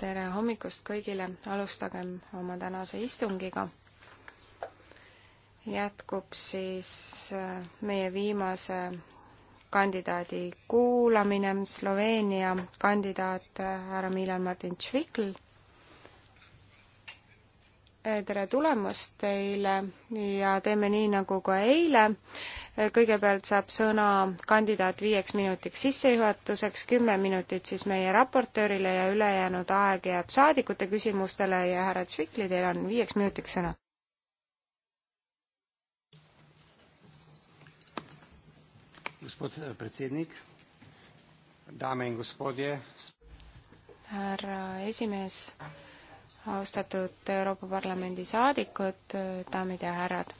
tere hommikust kõigile, alustagem oma tänase istungiga. jätkub siis äh, meie viimase kandidaadi kuulamine, Sloveenia kandidaat äh, härra Milan Martin Švikl Eh, tere tulemast teile ja teeme nii, nagu ka eile. Eh, kõigepealt saab sõna kandidaat viieks minutiks sissejuhatuseks, kümme minutit siis meie raportöörile ja ülejäänud aeg jääb saadikute küsimustele ja härra Tšvikli, teil on viieks minutiks sõna. Eh, härra esimees austatud Euroopa Parlamendi saadikud, daamid ja härrad!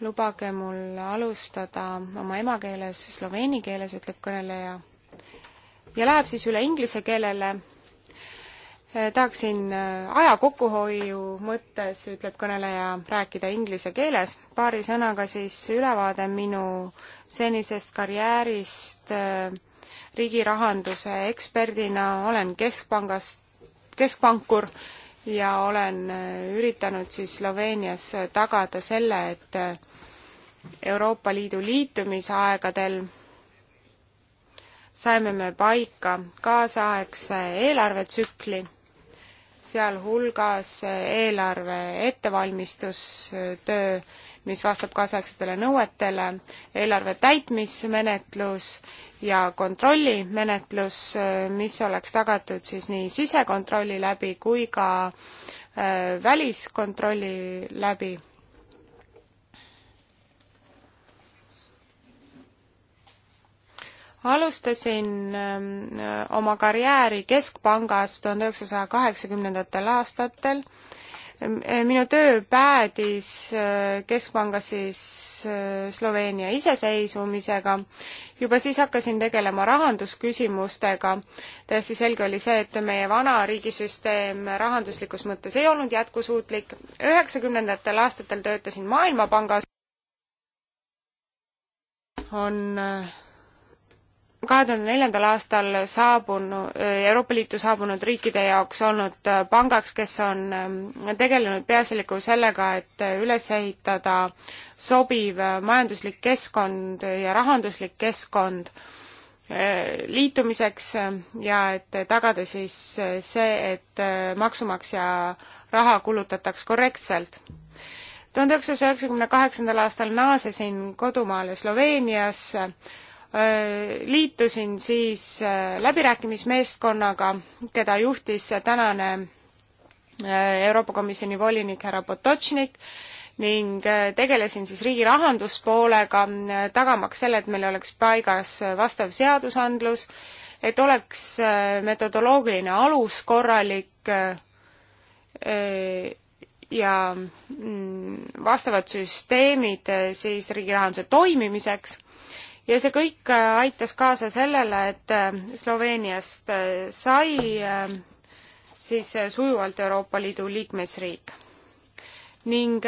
lubage mul alustada oma emakeeles, sloveeni keeles, ütleb kõneleja, ja läheb siis üle inglise keelele. Eh, tahaksin eh, aja kokkuhoiu mõttes, ütleb kõneleja, rääkida inglise keeles. paari sõnaga siis ülevaade minu senisest karjäärist eh, riigirahanduse eksperdina, olen Keskpangast keskpankur ja olen äh, üritanud siis Sloveenias äh, tagada selle, et äh, Euroopa Liidu liitumisaegadel saime me paika kaasaegse eelarvetsükli, sealhulgas eelarve ettevalmistustöö mis vastab kaasaegsetele nõuetele, eelarve täitmismenetlus ja kontrollimenetlus, mis oleks tagatud siis nii sisekontrolli läbi kui ka äh, väliskontrolli läbi. alustasin öö, äh, oma karjääri Keskpangas tuhande üheksasaja kaheksakümnendatel aastatel minu töö päädis äh, Keskpangas siis äh, Sloveenia iseseisvumisega. juba siis hakkasin tegelema rahandusküsimustega. täiesti selge oli see, et meie vana riigisüsteem rahanduslikus mõttes ei olnud jätkusuutlik. üheksakümnendatel aastatel töötasin Maailmapangas. on äh, kahe tuhande neljandal aastal saabunu, Euroopa Liitu saabunud riikide jaoks olnud pangaks, kes on ähm, tegelenud peaasjalikult sellega, et üles ehitada sobiv majanduslik keskkond ja rahanduslik keskkond äh, liitumiseks ähm, ja et tagada siis äh, see, et äh, maksumaksja raha kulutataks korrektselt tuhande üheksasaja üheksakümne kaheksandal aastal naasesin kodumaale Sloveeniasse Äh, liitusin siis äh, läbirääkimismeeskonnaga, keda juhtis tänane äh, Euroopa Komisjoni volinik härra Potočnik ning tegelesin siis riigi rahanduspoolega, tagamaks selle, et meil oleks paigas vastav seadusandlus, et oleks metodoloogiline alus korralik ja mm, vastavad süsteemid siis riigi rahanduse toimimiseks ja see kõik äh, aitas kaasa sellele, et äh, Sloveeniast äh, sai siis sujuvalt Euroopa Liidu liikmesriik ning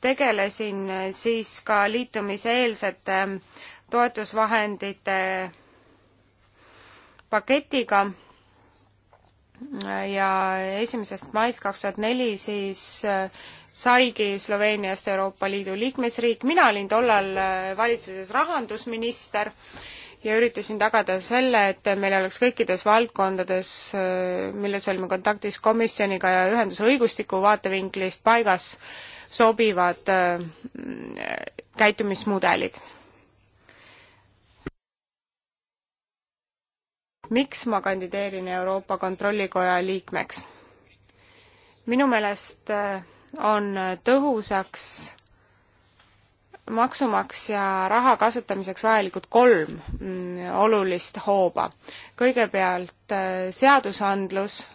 tegelesin siis ka liitumiseelsete toetusvahendite paketiga ja esimesest maist kaks tuhat neli siis saigi Sloveeniast Euroopa Liidu liikmesriik, mina olin tollal äh, valitsuses rahandusminister ja üritasin tagada selle, et meil oleks kõikides valdkondades, äh, milles olime kontaktis komisjoniga ja ühenduse õigustiku vaatevinklist paigas, sobivad äh, käitumismudelid. miks ma kandideerin Euroopa Kontrollikoja liikmeks? minu meelest äh, on tõhusaks maksumaksja raha kasutamiseks vajalikud kolm mm, olulist hooba. kõigepealt äh, seadusandlus,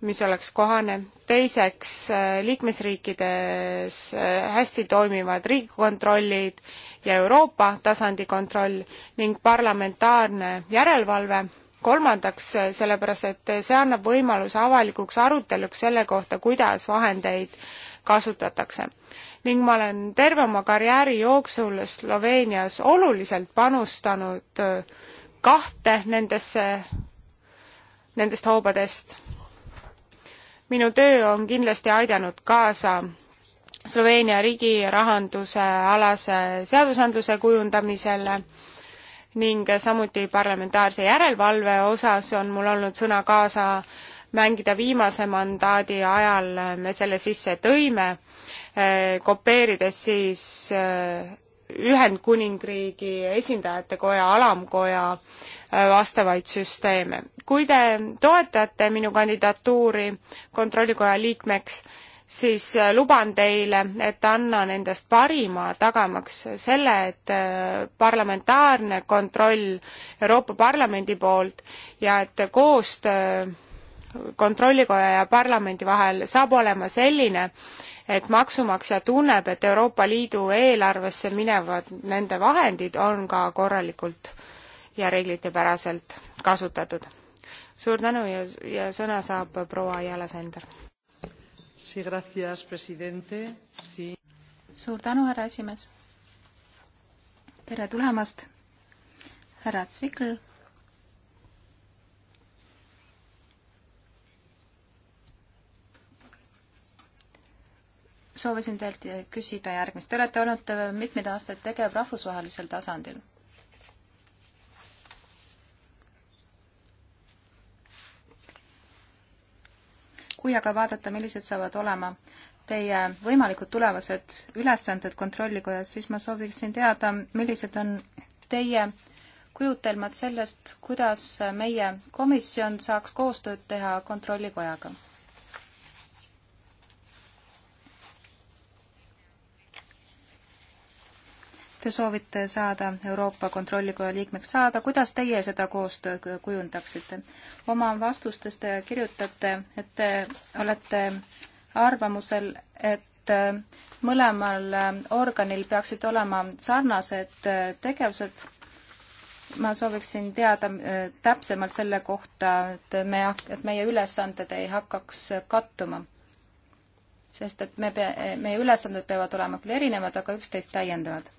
mis oleks kohane, teiseks äh, liikmesriikides äh, hästi toimivad riigikontrollid ja Euroopa tasandi kontroll ning parlamentaarne järelevalve kolmandaks, eh, sellepärast et see annab võimaluse avalikuks aruteluks selle kohta, kuidas vahendeid kasutatakse. ning ma olen terve oma karjääri jooksul Sloveenias oluliselt panustanud eh, kahte nendesse, nendest hoobadest. minu töö on kindlasti aidanud kaasa Sloveenia riigi rahanduse alase seadusandluse kujundamisele ning samuti parlamentaarse järelevalve osas on mul olnud sõna kaasa mängida viimase mandaadi ajal, me selle sisse tõime, eh, kopeerides siis eh, Ühendkuningriigi esindajate koja, alamkoja eh, vastavaid süsteeme. kui te toetate minu kandidatuuri kontrollikoja liikmeks, siis äh, luban teile, et annan endast parima, tagamaks selle, et äh, parlamentaarne kontroll Euroopa Parlamendi poolt ja et koostöö kontrollikoja ja parlamendi vahel saab olema selline, et maksumaksja tunneb, et Euroopa Liidu eelarvesse minevad nende vahendid on ka korralikult ja reeglitepäraselt kasutatud. suur tänu ja, ja sõna saab proua Jala Sender Sí, gracias, presidente. Sí. suur tänu, härra esimees. tere tulemast, härra Tsvikl. soovisin teilt küsida järgmist. Te olete olnud mitmeid aastaid tegev rahvusvahelisel tasandil kui aga vaadata, millised saavad olema teie võimalikud tulevased ülesanded Kontrollikojas, siis ma sooviksin teada, millised on teie kujutelmad sellest, kuidas meie komisjon saaks koostööd teha Kontrollikojaga te soovite saada Euroopa Kontrollikoja liikmeks saada, kuidas teie seda koostööd kujundaksite? oma vastustes te kirjutate, et te olete arvamusel, et mõlemal organil peaksid olema sarnased tegevused. ma sooviksin teada eh, täpsemalt selle kohta, et me, et meie ülesanded ei hakkaks kattuma sest et me pea, meie ülesanded peavad olema küll erinevad, aga üksteist täiendavad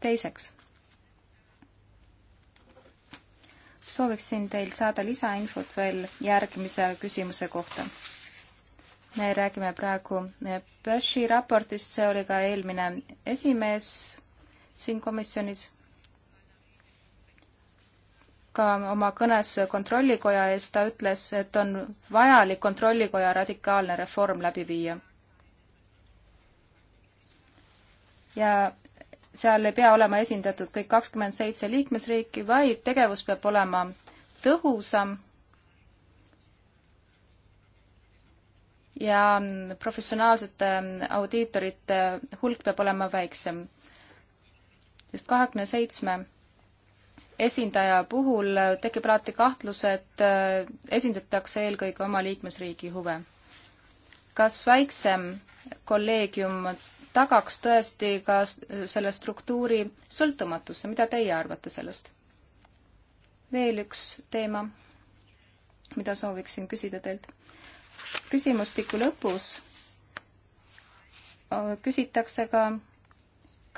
teiseks, sooviksin teilt saada lisainfot veel järgmise küsimuse kohta. me räägime praegu Böschi raportist, see oli ka eelmine esimees siin komisjonis ka oma kõnes Kontrollikoja ees ta ütles, et on vajalik Kontrollikoja radikaalne reform läbi viia. ja seal ei pea olema esindatud kõik kakskümmend seitse liikmesriiki, vaid tegevus peab olema tõhusam ja professionaalsete audiitorite hulk peab olema väiksem. sest kahekümne seitsme esindaja puhul tekib alati kahtlus, et äh, esindatakse eelkõige oma liikmesriigi huve. kas väiksem kolleegium tagaks tõesti ka selle struktuuri sõltumatuse, mida teie arvate sellest? veel üks teema, mida sooviksin küsida teilt. küsimustiku lõpus äh, küsitakse ka,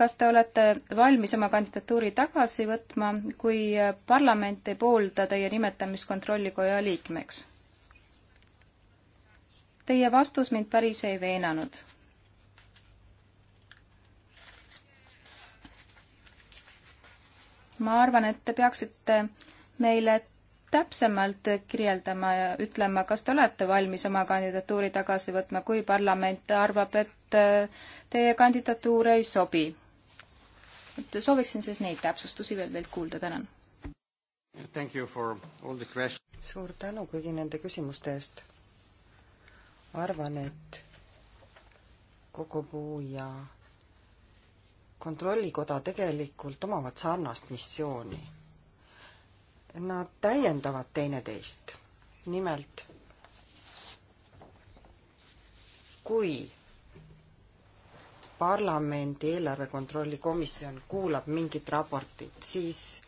kas te olete valmis oma kandidatuuri tagasi võtma, kui parlament ei poolda teie nimetamist Kontrollikoja liikmeks? Teie vastus mind päris ei veenanud ma arvan, et te peaksite meile täpsemalt kirjeldama ja ütlema, kas te olete valmis oma kandidatuuri tagasi võtma, kui parlament arvab, et äh, teie kandidatuur ei sobi. et sooviksin siis neid täpsustusi veel teilt kuulda, tänan. suur tänu kõigi nende küsimuste eest. arvan, et kogu puu ja kontrollikoda tegelikult omavad sarnast missiooni. Nad täiendavad teineteist. nimelt, kui parlamendi eelarve kontrolli komisjon kuulab mingit raportit, siis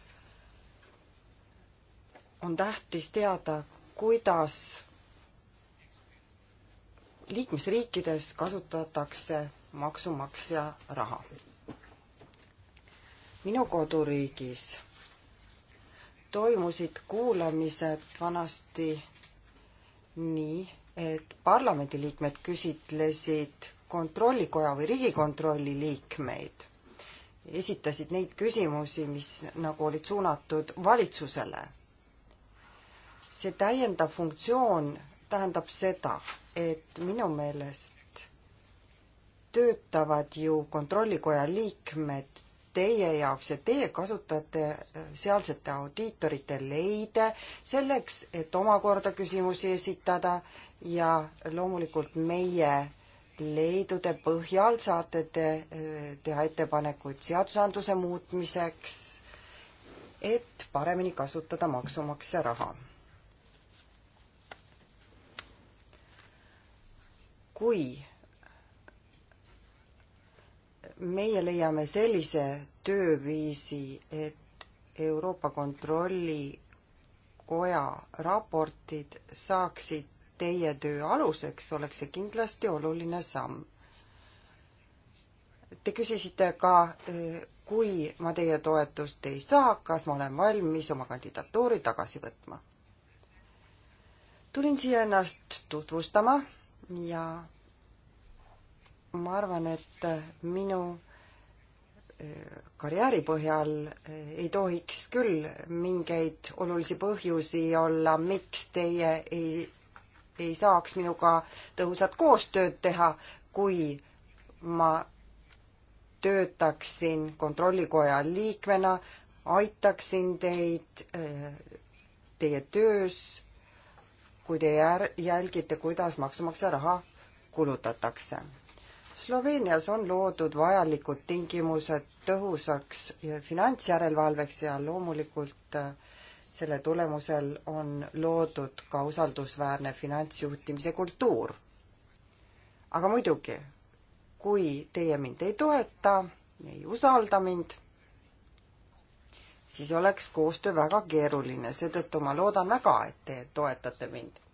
on tähtis teada, kuidas liikmesriikides kasutatakse maksumaksja raha minu koduriigis toimusid kuulamised vanasti nii, et parlamendiliikmed küsitlesid kontrollikoja või Riigikontrolli liikmeid, esitasid neid küsimusi, mis nagu olid suunatud valitsusele. see täiendav funktsioon tähendab seda, et minu meelest töötavad ju kontrollikoja liikmed teie jaoks, et teie kasutate äh, sealsete audiitorite leide selleks, et omakorda küsimusi esitada ja loomulikult meie leidude põhjal saate te äh, teha ettepanekuid seadusandluse muutmiseks, et paremini kasutada maksumaksja raha. kui meie leiame sellise tööviisi, et Euroopa Kontrollikoja raportid saaksid teie töö aluseks, oleks see kindlasti oluline samm. Te küsisite ka, kui ma teie toetust ei saa, kas ma olen valmis oma kandidatuuri tagasi võtma. tulin siia ennast tutvustama ja ma arvan, et minu eh, karjääri põhjal eh, ei tohiks küll mingeid olulisi põhjusi olla, miks teie ei, ei saaks minuga tõhusat koostööd teha, kui ma töötaksin Kontrollikoja liikmena, aitaksin teid eh, teie töös, kui te jälgite, kuidas maksumaksja raha kulutatakse Sloveenias on loodud vajalikud tingimused tõhusaks finantsjärelevalveks ja loomulikult äh, selle tulemusel on loodud ka usaldusväärne finantsjuhtimise kultuur. aga muidugi, kui teie mind ei toeta, ei usalda mind, siis oleks koostöö väga keeruline, seetõttu ma loodan väga, et te toetate mind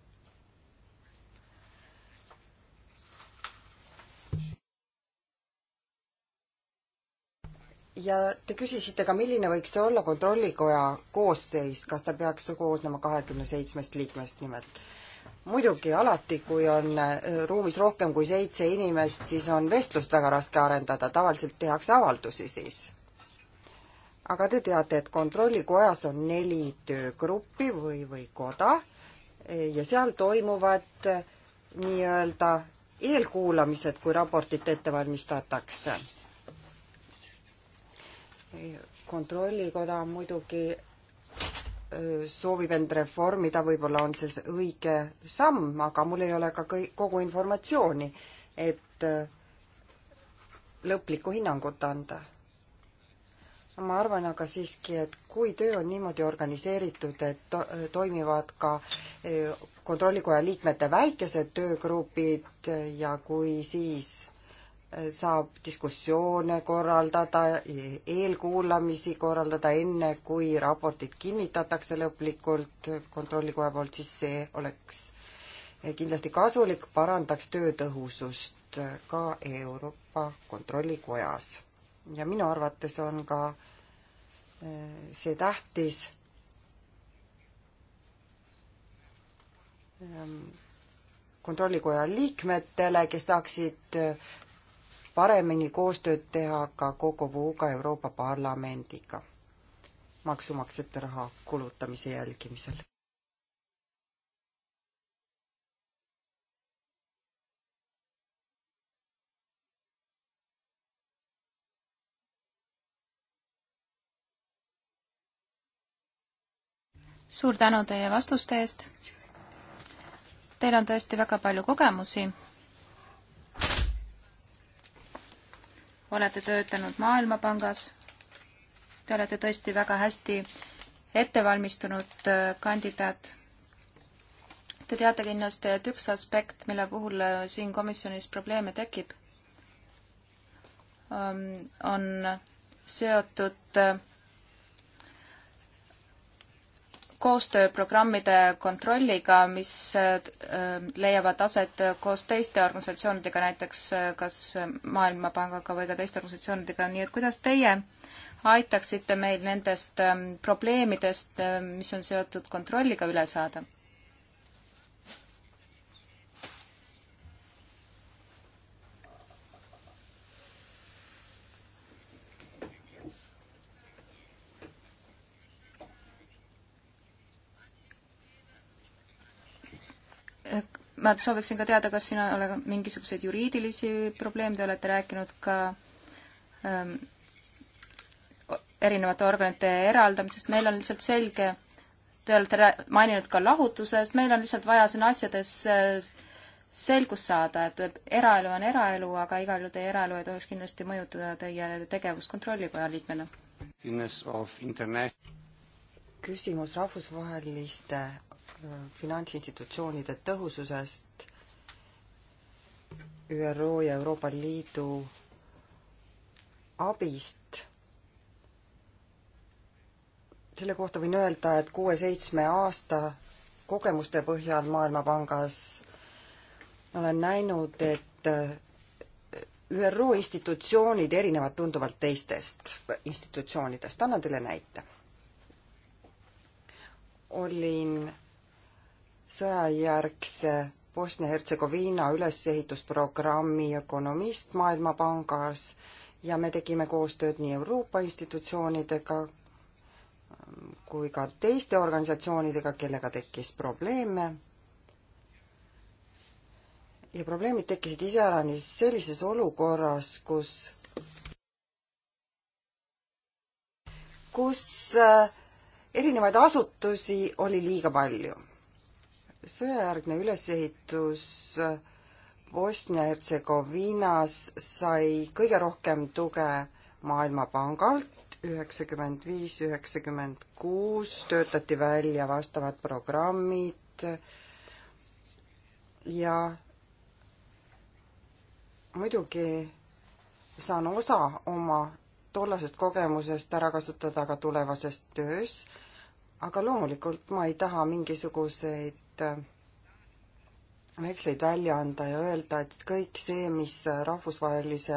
ja te küsisite ka, milline võiks olla kontrollikoja koosseis, kas ta peaks koosnema kahekümne seitsmest liikmest nimelt? muidugi, alati, kui on äh, ruumis rohkem kui seitse inimest, siis on vestlust väga raske arendada, tavaliselt tehakse avaldusi siis. aga te teate, et kontrollikojas on neli töögruppi või, või koda eh, ja seal toimuvad eh, nii-öelda eelkuulamised, kui raportit ette valmistatakse kontrollikoda muidugi soovib end reformida, võib-olla on see õige samm, aga mul ei ole ka kõik, kogu informatsiooni, et lõplikku hinnangut anda. ma arvan aga siiski, et kui töö on niimoodi organiseeritud, et to toimivad ka kontrollikoja liikmete väikesed töögrupid ja kui siis saab diskussioone korraldada, eelkuulamisi korraldada, enne kui raportid kinnitatakse lõplikult Kontrollikoja poolt, siis see oleks kindlasti kasulik, parandaks töö tõhusust ka Euroopa Kontrollikojas. ja minu arvates on ka eh, see tähtis ehm, kontrollikoja liikmetele, kes saaksid eh, paremini koostööd teha ka Kokovuga Euroopa Parlamendiga maksumaksjate raha kulutamise jälgimisel. suur tänu teie vastuste eest. Teil on tõesti väga palju kogemusi olete töötanud Maailmapangas. Te olete tõesti väga hästi ettevalmistunud äh, kandidaat. Te teate kindlasti, et üks aspekt, mille puhul äh, siin komisjonis probleeme tekib, ähm, on seotud äh, koostööprogrammide kontrolliga, mis äh, leiavad aset koos teiste organisatsioonidega, näiteks äh, kas Maailmapangaga või ka teiste organisatsioonidega, nii et kuidas teie aitaksite meil nendest ähm, probleemidest, äh, mis on seotud kontrolliga, üle saada? ma sooviksin ka teada, kas siin on mingisuguseid juriidilisi probleeme, te olete rääkinud ka ähm, erinevate organite eraldamisest, meil on lihtsalt selge, te olete maininud ka lahutusest, meil on lihtsalt vaja siin asjades äh, selgust saada, et eraelu on eraelu, aga igal juhul teie eraelu ei tohiks kindlasti mõjutada teie tegevust Kontrollikoja liikmena. küsimus rahvusvaheliste finantsinstitutsioonide tõhususest ÜRO ja Euroopa Liidu abist. selle kohta võin öelda, et kuue-seitsme aasta kogemuste põhjal Maailmapangas olen näinud, et äh, ÜRO institutsioonid erinevad tunduvalt teistest institutsioonidest. annan teile näite. olin sõjajärgse Bosnia-Hertsegoviina ülesehitusprogrammi ökonomist Maailmapangas ja me tegime koostööd nii Euroopa institutsioonidega ähm, kui ka teiste organisatsioonidega, kellega tekkis probleeme. ja probleemid tekkisid iseäranis sellises olukorras, kus, kus äh, erinevaid asutusi oli liiga palju sõjajärgne ülesehitus Bosnia-Hertsegoviinas sai kõige rohkem tuge Maailmapangalt, üheksakümmend viis, üheksakümmend kuus töötati välja vastavad programmid ja muidugi saan osa oma tollasest kogemusest ära kasutada ka tulevases töös, aga loomulikult ma ei taha mingisuguseid Äh, veksleid välja anda ja öelda, et kõik see, mis äh, rahvusvahelise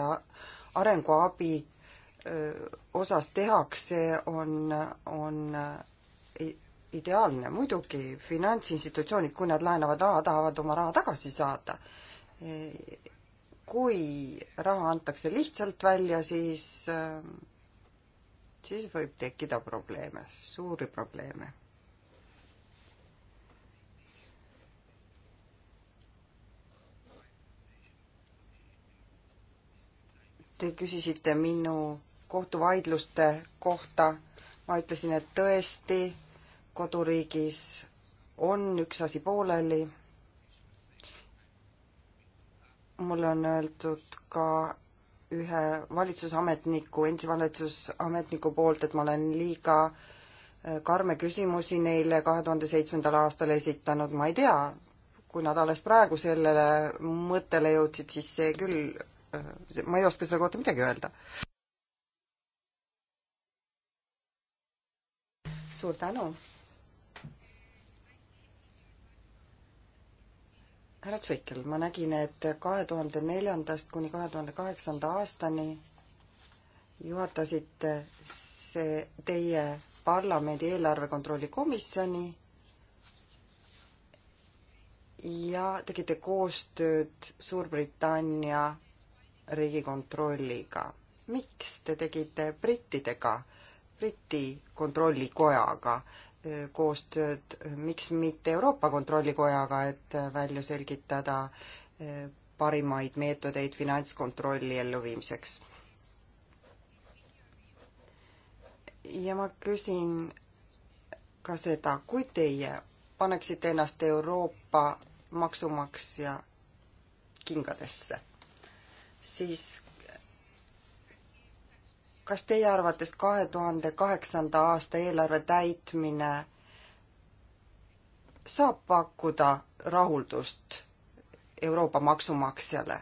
arenguabi äh, osas tehakse, on, on ideaalne. muidugi finantsinstitutsioonid, kui nad laenavad raha, tahavad oma raha tagasi saada. E, kui raha antakse lihtsalt välja, siis, siis võib tekkida probleeme, suuri probleeme Te küsisite minu kohtuvaidluste kohta. ma ütlesin, et tõesti, koduriigis on üks asi pooleli. mulle on öeldud ka ühe valitsusametniku, endise valitsusametniku poolt, et ma olen liiga äh, karme küsimusi neile kahe tuhande seitsmendal aastal esitanud, ma ei tea, kui nad alles praegu sellele mõttele jõudsid, siis see küll Äh, ma ei oska selle kohta midagi öelda. suur tänu. härra Tšuikel, ma nägin, et kahe tuhande neljandast kuni kahe tuhande kaheksanda aastani juhatasite see teie parlamendi eelarve kontrolli komisjoni ja tegite koostööd Suurbritannia Riigikontrolliga. miks te tegite brittidega, Briti kontrollikojaga eh, koostööd, miks mitte Euroopa Kontrollikojaga, et eh, välja selgitada eh, parimaid meetodeid finantskontrolli elluviimiseks? ja ma küsin ka seda, kui teie paneksite ennast Euroopa maksumaksja kingadesse siis kas teie arvates kahe tuhande kaheksanda aasta eelarve täitmine saab pakkuda rahuldust Euroopa maksumaksjale?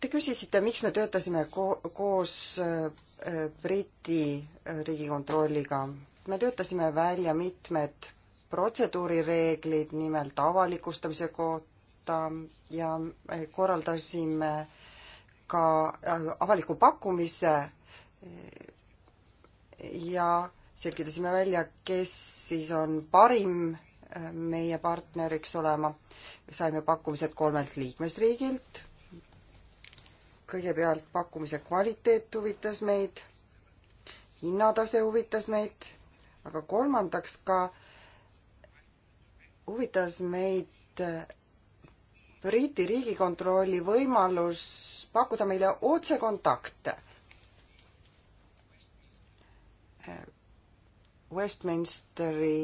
Te küsisite, miks me töötasime ko koos äh, Briti riigikontrolliga. me töötasime välja mitmed protseduurireeglid, nimelt avalikustamise kohta, kohta ja korraldasime ka äh, avaliku pakkumise äh, ja selgitasime välja, kes siis on parim äh, meie partneriks olema. saime pakkumised kolmelt liikmesriigilt. kõigepealt pakkumise kvaliteet huvitas meid, hinnatase huvitas meid, aga kolmandaks ka huvitas meid Briti riigikontrolli võimalus pakkuda meile otsekontakte Westminsteri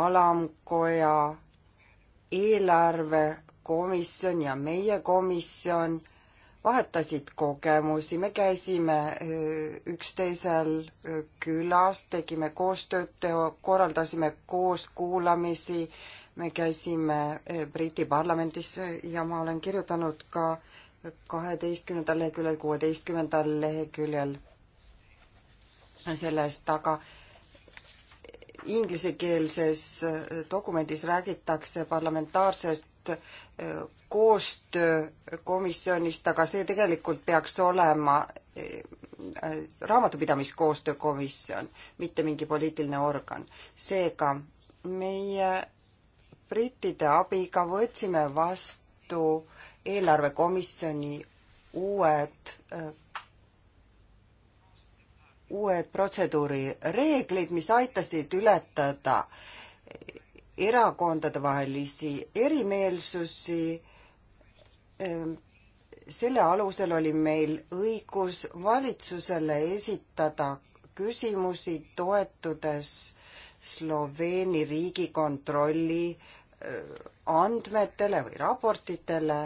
alamkoja eelarvekomisjon ja meie komisjon vahetasid kogemusi, me käisime äh, üksteisel äh, külas, tegime koostööd, korraldasime koos kuulamisi, me käisime eh, Briti parlamendis eh, ja ma olen kirjutanud ka kaheteistkümnendal leheküljel, kuueteistkümnendal leheküljel sellest, aga inglisekeelses eh, dokumendis räägitakse parlamentaarsest koostöökomisjonist, aga see tegelikult peaks olema raamatupidamiskoostöökomisjon, mitte mingi poliitiline organ. seega meie brittide abiga võtsime vastu eelarvekomisjoni uued äh, uued protseduurireeglid, mis aitasid ületada erakondadevahelisi erimeelsusi. Ähm, selle alusel oli meil õigus valitsusele esitada küsimusi, toetudes Sloveeni riigikontrolli andmetele või raportitele.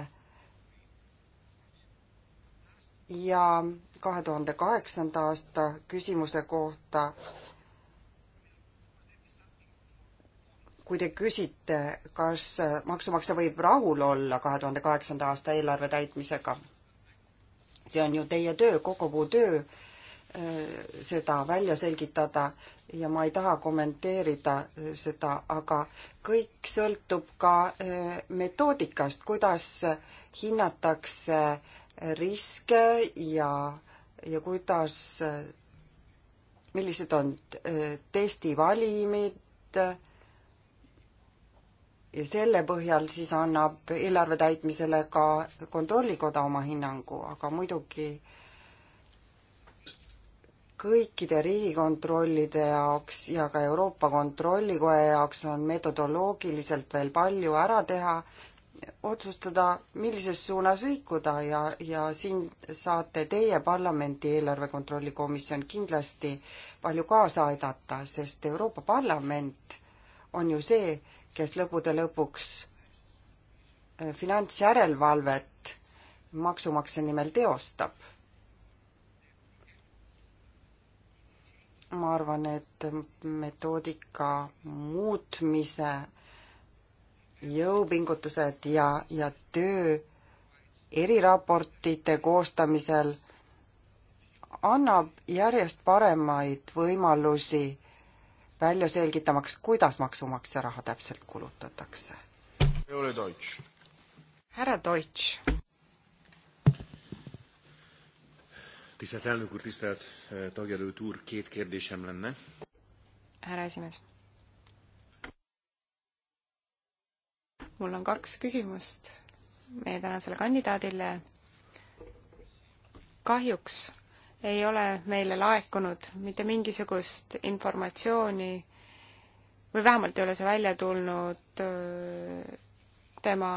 ja kahe tuhande kaheksanda aasta küsimuse kohta. kui te küsite, kas maksumaksja võib rahul olla kahe tuhande kaheksanda aasta eelarve täitmisega, see on ju teie töö, kogu muu töö Äh, seda välja selgitada ja ma ei taha kommenteerida seda, aga kõik sõltub ka äh, metoodikast, kuidas hinnatakse riske ja, ja kuidas, millised on äh, testivalimid ja selle põhjal siis annab eelarve täitmisele ka Kontrollikoda oma hinnangu, aga muidugi äh, kõikide riigikontrollide jaoks ja ka Euroopa Kontrollikoja jaoks on metodoloogiliselt veel palju ära teha, otsustada, millises suunas liikuda ja, ja siin saate teie, parlamendi eelarve kontrolli komisjon, kindlasti palju kaasa aidata, sest Euroopa Parlament on ju see, kes lõppude lõpuks eh, finantsjärelevalvet maksumaksja nimel teostab ma arvan, et metoodika muutmise jõupingutused ja, ja töö eriraportite koostamisel annab järjest paremaid võimalusi välja selgitamaks, kuidas maksumaksja raha täpselt kulutatakse. härra Deutsch. Tisztelt elnök úr, tisztelt eh, tagjelölt úr, két kérdésem lenne. härra esimees. mul on kaks küsimust meie tänasele kandidaadile. kahjuks ei ole meile laekunud mitte mingisugust informatsiooni või vähemalt ei ole see välja tulnud eh, tema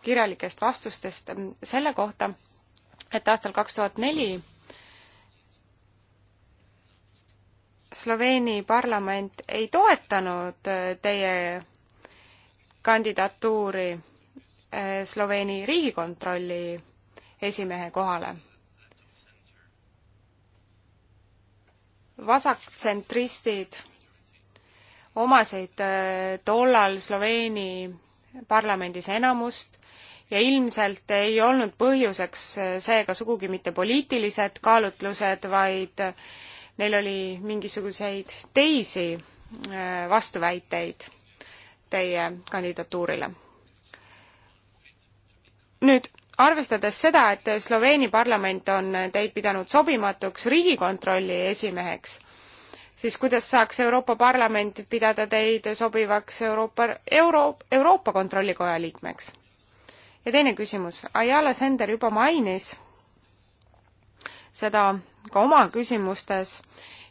kirjalikest vastustest selle kohta, et aastal kaks tuhat neli Sloveeni parlament ei toetanud äh, teie kandidatuuri äh, Sloveeni riigikontrolli esimehe kohale. vasaktsentristid omasid äh, tollal Sloveeni parlamendis enamust ja ilmselt ei olnud põhjuseks seega sugugi mitte poliitilised kaalutlused, vaid neil oli mingisuguseid teisi äh, vastuväiteid teie kandidatuurile. nüüd, arvestades seda, et Sloveeni parlament on teid pidanud sobimatuks Riigikontrolli esimeheks, siis kuidas saaks Euroopa Parlament pidada teid sobivaks Euroopa, Euro-, Euroopa Kontrollikoja liikmeks? ja teine küsimus, Ayala Sender juba mainis seda ka oma küsimustes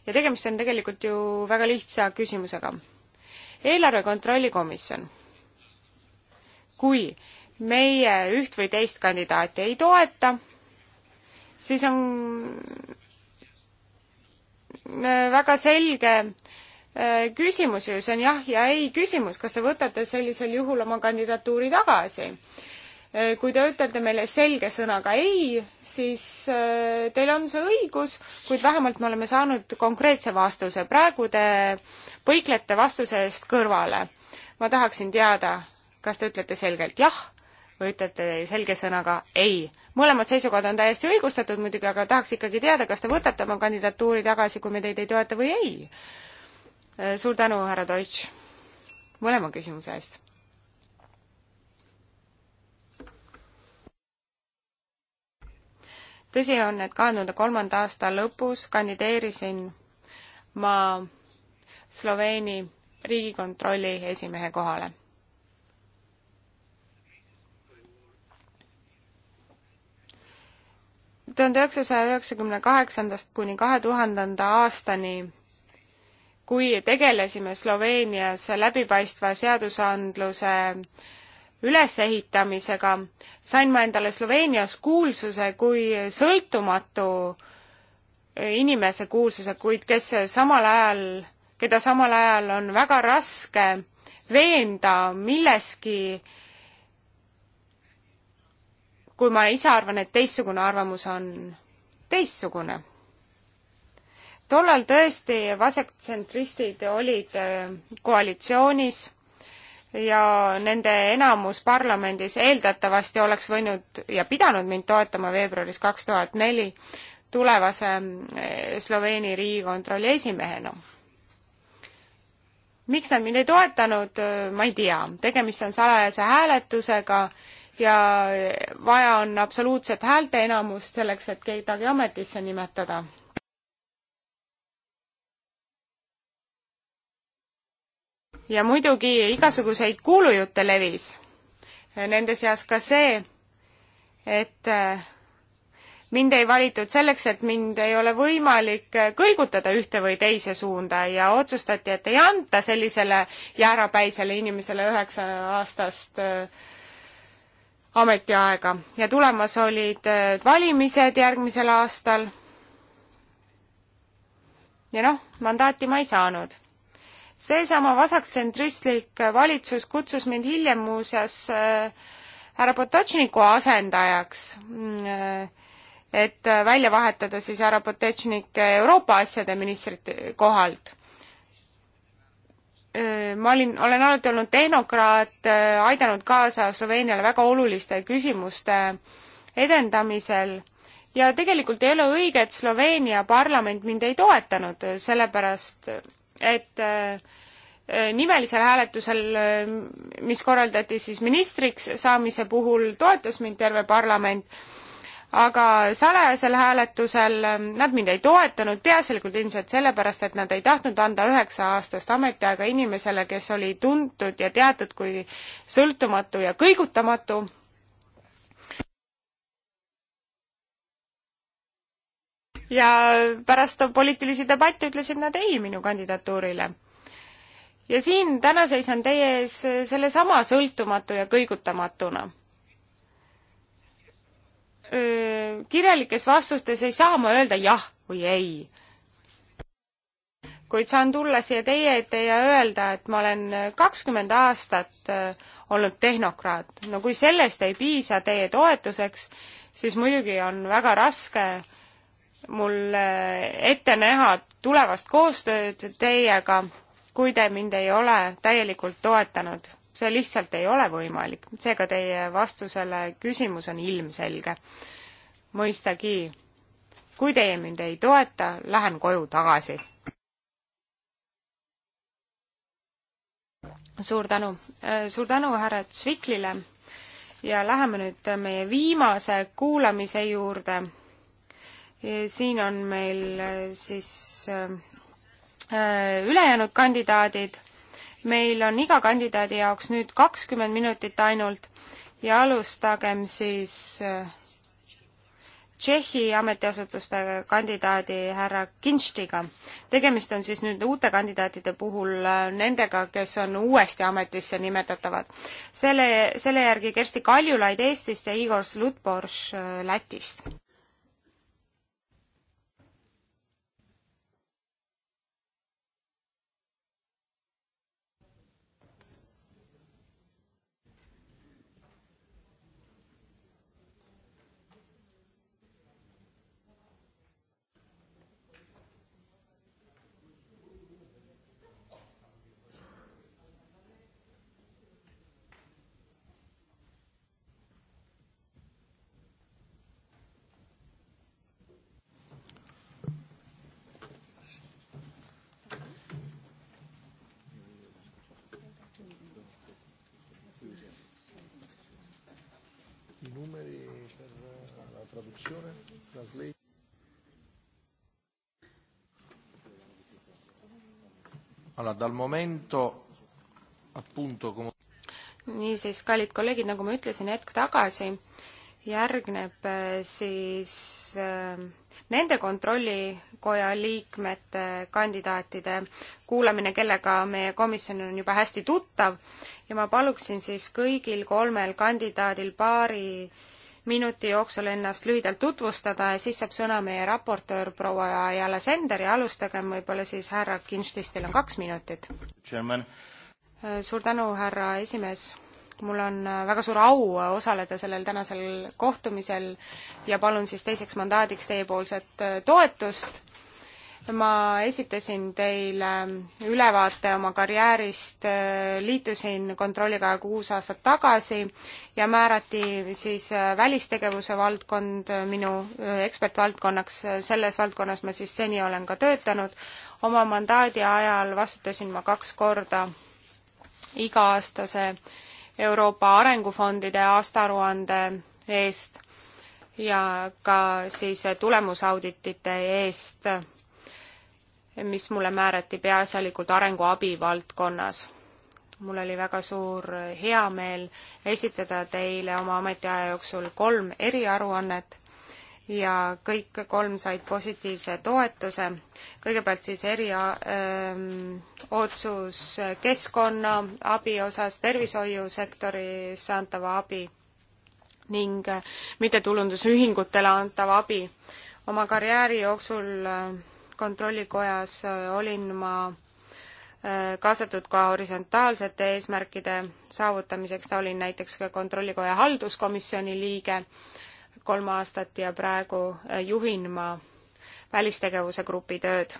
ja tegemist on tegelikult ju väga lihtsa küsimusega. eelarve kontrolli komisjon. kui meie üht või teist kandidaati ei toeta, siis on äh, väga selge äh, küsimus ju, see on jah ja ei küsimus, kas te võtate sellisel juhul oma kandidatuuri tagasi Äh, kui te ütlete meile selge sõnaga ei, siis äh, teil on see õigus, kuid vähemalt me oleme saanud konkreetse vastuse. praegu te põiklete vastuse eest kõrvale. ma tahaksin teada, kas te ütlete selgelt jah või ütlete selge sõnaga ei. mõlemad seisukohad on täiesti õigustatud muidugi, aga tahaks ikkagi teada, kas te võtate oma kandidatuuri tagasi, kui me teid ei toeta või ei. Äh, suur tänu, härra Deutsch, mõlema küsimuse eest tõsi on, et kahe tuhande kolmanda aasta lõpus kandideerisin ma Sloveeni riigikontrolli esimehe kohale. tuhande üheksasaja üheksakümne kaheksandast kuni kahe tuhandenda aastani kui tegelesime Sloveenias läbipaistva seadusandluse ülesehitamisega sain ma endale Sloveenias kuulsuse kui sõltumatu inimese kuulsuse, kuid kes samal ajal, keda samal ajal on väga raske veenda milleski, kui ma ise arvan, et teistsugune arvamus on teistsugune. tollal tõesti vasaktsentristid olid koalitsioonis ja nende enamus parlamendis eeldatavasti oleks võinud ja pidanud mind toetama veebruaris kaks tuhat neli tulevase eh, Sloveeni riigikontrolli esimehena. miks nad mind ei toetanud, eh, ma ei tea, tegemist on salajase hääletusega ja vaja on absoluutset häälteenamust selleks, et kedagi ametisse nimetada ja muidugi igasuguseid kuulujutte levis. Nende seas ka see, et äh, mind ei valitud selleks, et mind ei ole võimalik äh, kõigutada ühte või teise suunda ja otsustati, et ei anta sellisele jäärapäisele inimesele üheksa aastast äh, ametiaega ja tulemas olid valimised järgmisel aastal. ja noh, mandaati ma ei saanud seesama vasaktsentristlik valitsus kutsus mind hiljem muuseas äh, härra Potočniku asendajaks, mm, äh, et välja vahetada siis härra Potočnik Euroopa asjade ministrite kohalt äh, ma olin, olen alati olnud tehnokraat, aidanud kaasa Sloveeniale väga oluliste küsimuste edendamisel ja tegelikult ei ole õige, et Sloveenia parlament mind ei toetanud, sellepärast et äh, nimelisel hääletusel, äh, mis korraldati siis ministriks saamise puhul, toetas mind terve parlament, aga salajasel hääletusel äh, nad mind ei toetanud, peaasjalikult ilmselt sellepärast, et nad ei tahtnud anda üheksa-aastast ametiaega inimesele, kes oli tuntud ja teatud kui sõltumatu ja kõigutamatu ja pärast poliitilisi debatte ütlesid nad ei minu kandidatuurile. ja siin täna seisan teie ees sellesama sõltumatu ja kõigutamatuna. kirjalikes vastustes ei saa ma öelda jah või ei kuid saan tulla siia teie ette ja öelda, et ma olen kakskümmend aastat olnud tehnokraat. no kui sellest ei piisa teie toetuseks, siis muidugi on väga raske mul ette näha tulevast koostööd teiega, kui te mind ei ole täielikult toetanud. see lihtsalt ei ole võimalik, seega teie vastusele küsimus on ilmselge. mõistagi, kui teie mind ei toeta, lähen koju tagasi. suur tänu, suur tänu härra Tsviklile ja läheme nüüd meie viimase kuulamise juurde siin on meil äh, siis äh, äh, ülejäänud kandidaadid. meil on iga kandidaadi jaoks nüüd kakskümmend minutit ainult ja alustagem siis Tšehhi ametiasutuste kandidaadi härra Kinštiga. tegemist on siis nüüd uute kandidaatide puhul nendega, kes on uuesti ametisse nimetatavad. selle, selle järgi Kersti Kaljulaid Eestist ja Igor Slutborš Lätist. traduzione, translate. Allora, dal momento appunto come... niisiis, kallid kolleegid, nagu ma ütlesin hetk tagasi, järgneb eh, siis eh, nende kontrollikoja liikmete kandidaatide kuulamine, kellega meie komisjon on juba hästi tuttav ja ma paluksin siis kõigil kolmel kandidaadil paari minuti jooksul ennast lühidalt tutvustada ja siis saab sõna meie raportöör proua Jala Sender ja alustagem võib-olla siis härra Kinstist, teil on kaks minutit. suur tänu, härra esimees mul on äh, väga suur au äh, osaleda sellel tänasel kohtumisel ja palun siis teiseks mandaadiks teiepoolset äh, toetust ma esitasin teile ülevaate oma karjäärist, liitusin Kontrollikoja kuus aastat tagasi ja määrati siis äh, välistegevuse valdkond äh, minu äh, ekspertvaldkonnaks, selles valdkonnas ma siis seni olen ka töötanud. oma mandaadi ajal vastutasin ma kaks korda iga-aastase Euroopa arengufondide aastaaruande eest ja ka siis tulemusauditite eest mis mulle määrati peaasjalikult arenguabi valdkonnas. mul oli väga suur heameel esitada teile oma ametiaja jooksul kolm eriaruannet ja kõik kolm said positiivse toetuse. kõigepealt siis eri öö, ähm, otsus keskkonna abi osas, tervishoiusektoris antava abi ning mittetulundusühingutele antav abi. oma karjääri jooksul öö, äh, kontrollikojas äh, olin ma äh, kaasatud ka horisontaalsete eesmärkide saavutamiseks, ta oli näiteks ka Kontrollikoja halduskomisjoni liige kolm aastat ja praegu äh, juhin ma välistegevuse grupi tööd.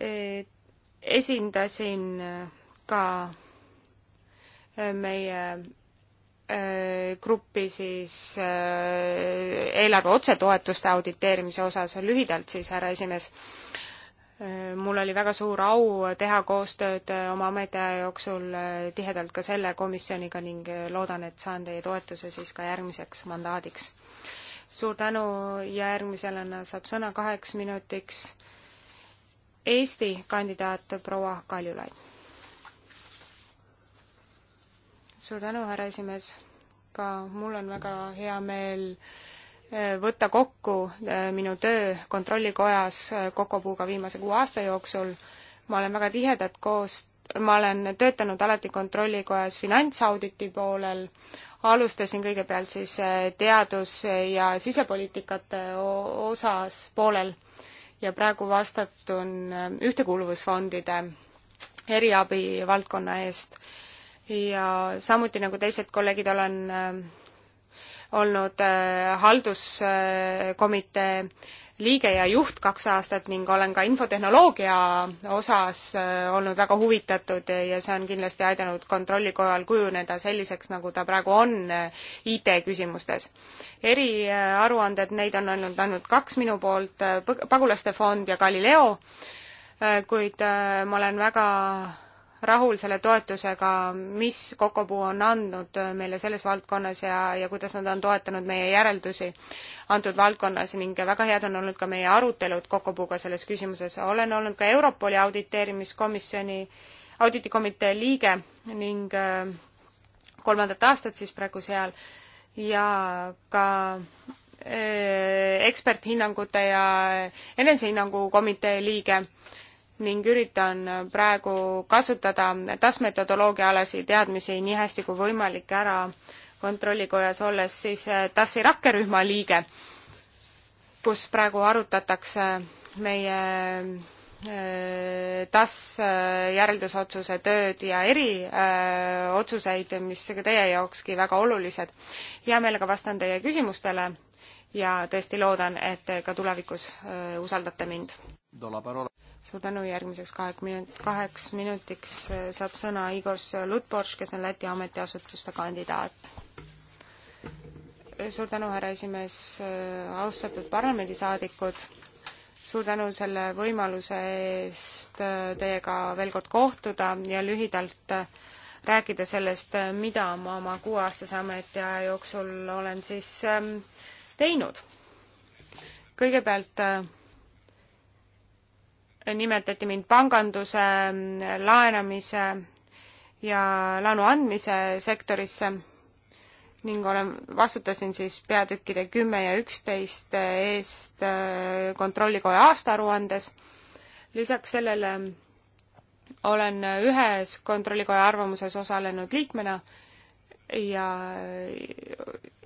E, esindasin ka meie Äh, gruppi siis äh, eelarve otsetoetuste auditeerimise osas, lühidalt siis, härra esimees. Äh, mul oli väga suur au teha koostööd oma ametiaja jooksul tihedalt ka selle komisjoniga ning loodan, et saan teie toetuse siis ka järgmiseks mandaadiks. suur tänu ja järgmisena saab sõna kaheks minutiks Eesti kandidaat proua Kaljulaid suur tänu, härra esimees. ka mul on väga hea meel eh, võtta kokku eh, minu töö Kontrollikojas eh, Kokopuuga viimase kuue aasta jooksul. ma olen väga tihedat koos, ma olen töötanud alati Kontrollikojas finantsauditi poolel, alustasin kõigepealt siis teadus- ja sisepoliitikate osas poolel ja praegu vastutun ühtekuuluvusfondide eriabi valdkonna eest ja samuti nagu teised kolleegid, olen äh, olnud äh, halduskomitee äh, liige ja juht kaks aastat ning olen ka infotehnoloogia osas olnud väga huvitatud ja see on kindlasti aidanud kontrollikojal kujuneda selliseks, nagu ta praegu on IT-küsimustes. eriaruanded, neid on olnud ainult kaks minu poolt, Pagulaste Fond ja Galileo, kuid ma olen väga rahul selle toetusega, mis Kokopuu on andnud meile selles valdkonnas ja, ja kuidas nad on toetanud meie järeldusi antud valdkonnas ning väga head on olnud ka meie arutelud Kokopuuga selles küsimuses. olen olnud ka Europoli auditeerimiskomisjoni, auditikomitee liige ning äh, kolmandat aastat siis praegu seal ja ka äh, eksperthinnangute ja enesehinnangu komitee liige ning üritan praegu kasutada TAS-metodoloogia alasi teadmisi nii hästi kui võimalik ära kontrollikojas olles siis eh, TAS-i rakkerühma liige, kus praegu arutatakse meie eh, TAS eh, järeldusotsuse tööd ja eriotsuseid, mis ka teie jaokski väga olulised. hea meelega vastan teie küsimustele ja tõesti loodan, et ka tulevikus usaldate mind suur tänu, järgmiseks kahek minut-, kaheks minutiks eh, saab sõna Igor Lutborš, kes on Läti ametiasutuste kandidaat. Eh, suur tänu, härra esimees, eh, austatud parlamendisaadikud, suur tänu selle võimaluse eest teiega veel kord kohtuda ja lühidalt rääkida sellest, mida ma oma kuueaastase ametiaja jooksul olen siis teinud. kõigepealt nimetati mind panganduse, mm, laenamise ja laenu andmise sektorisse ning olen, vastutasin siis peatükkide kümme ja üksteist eest äh, Kontrollikoja aastaaruandes. lisaks sellele olen ühes Kontrollikoja arvamuses osalenud liikmena ja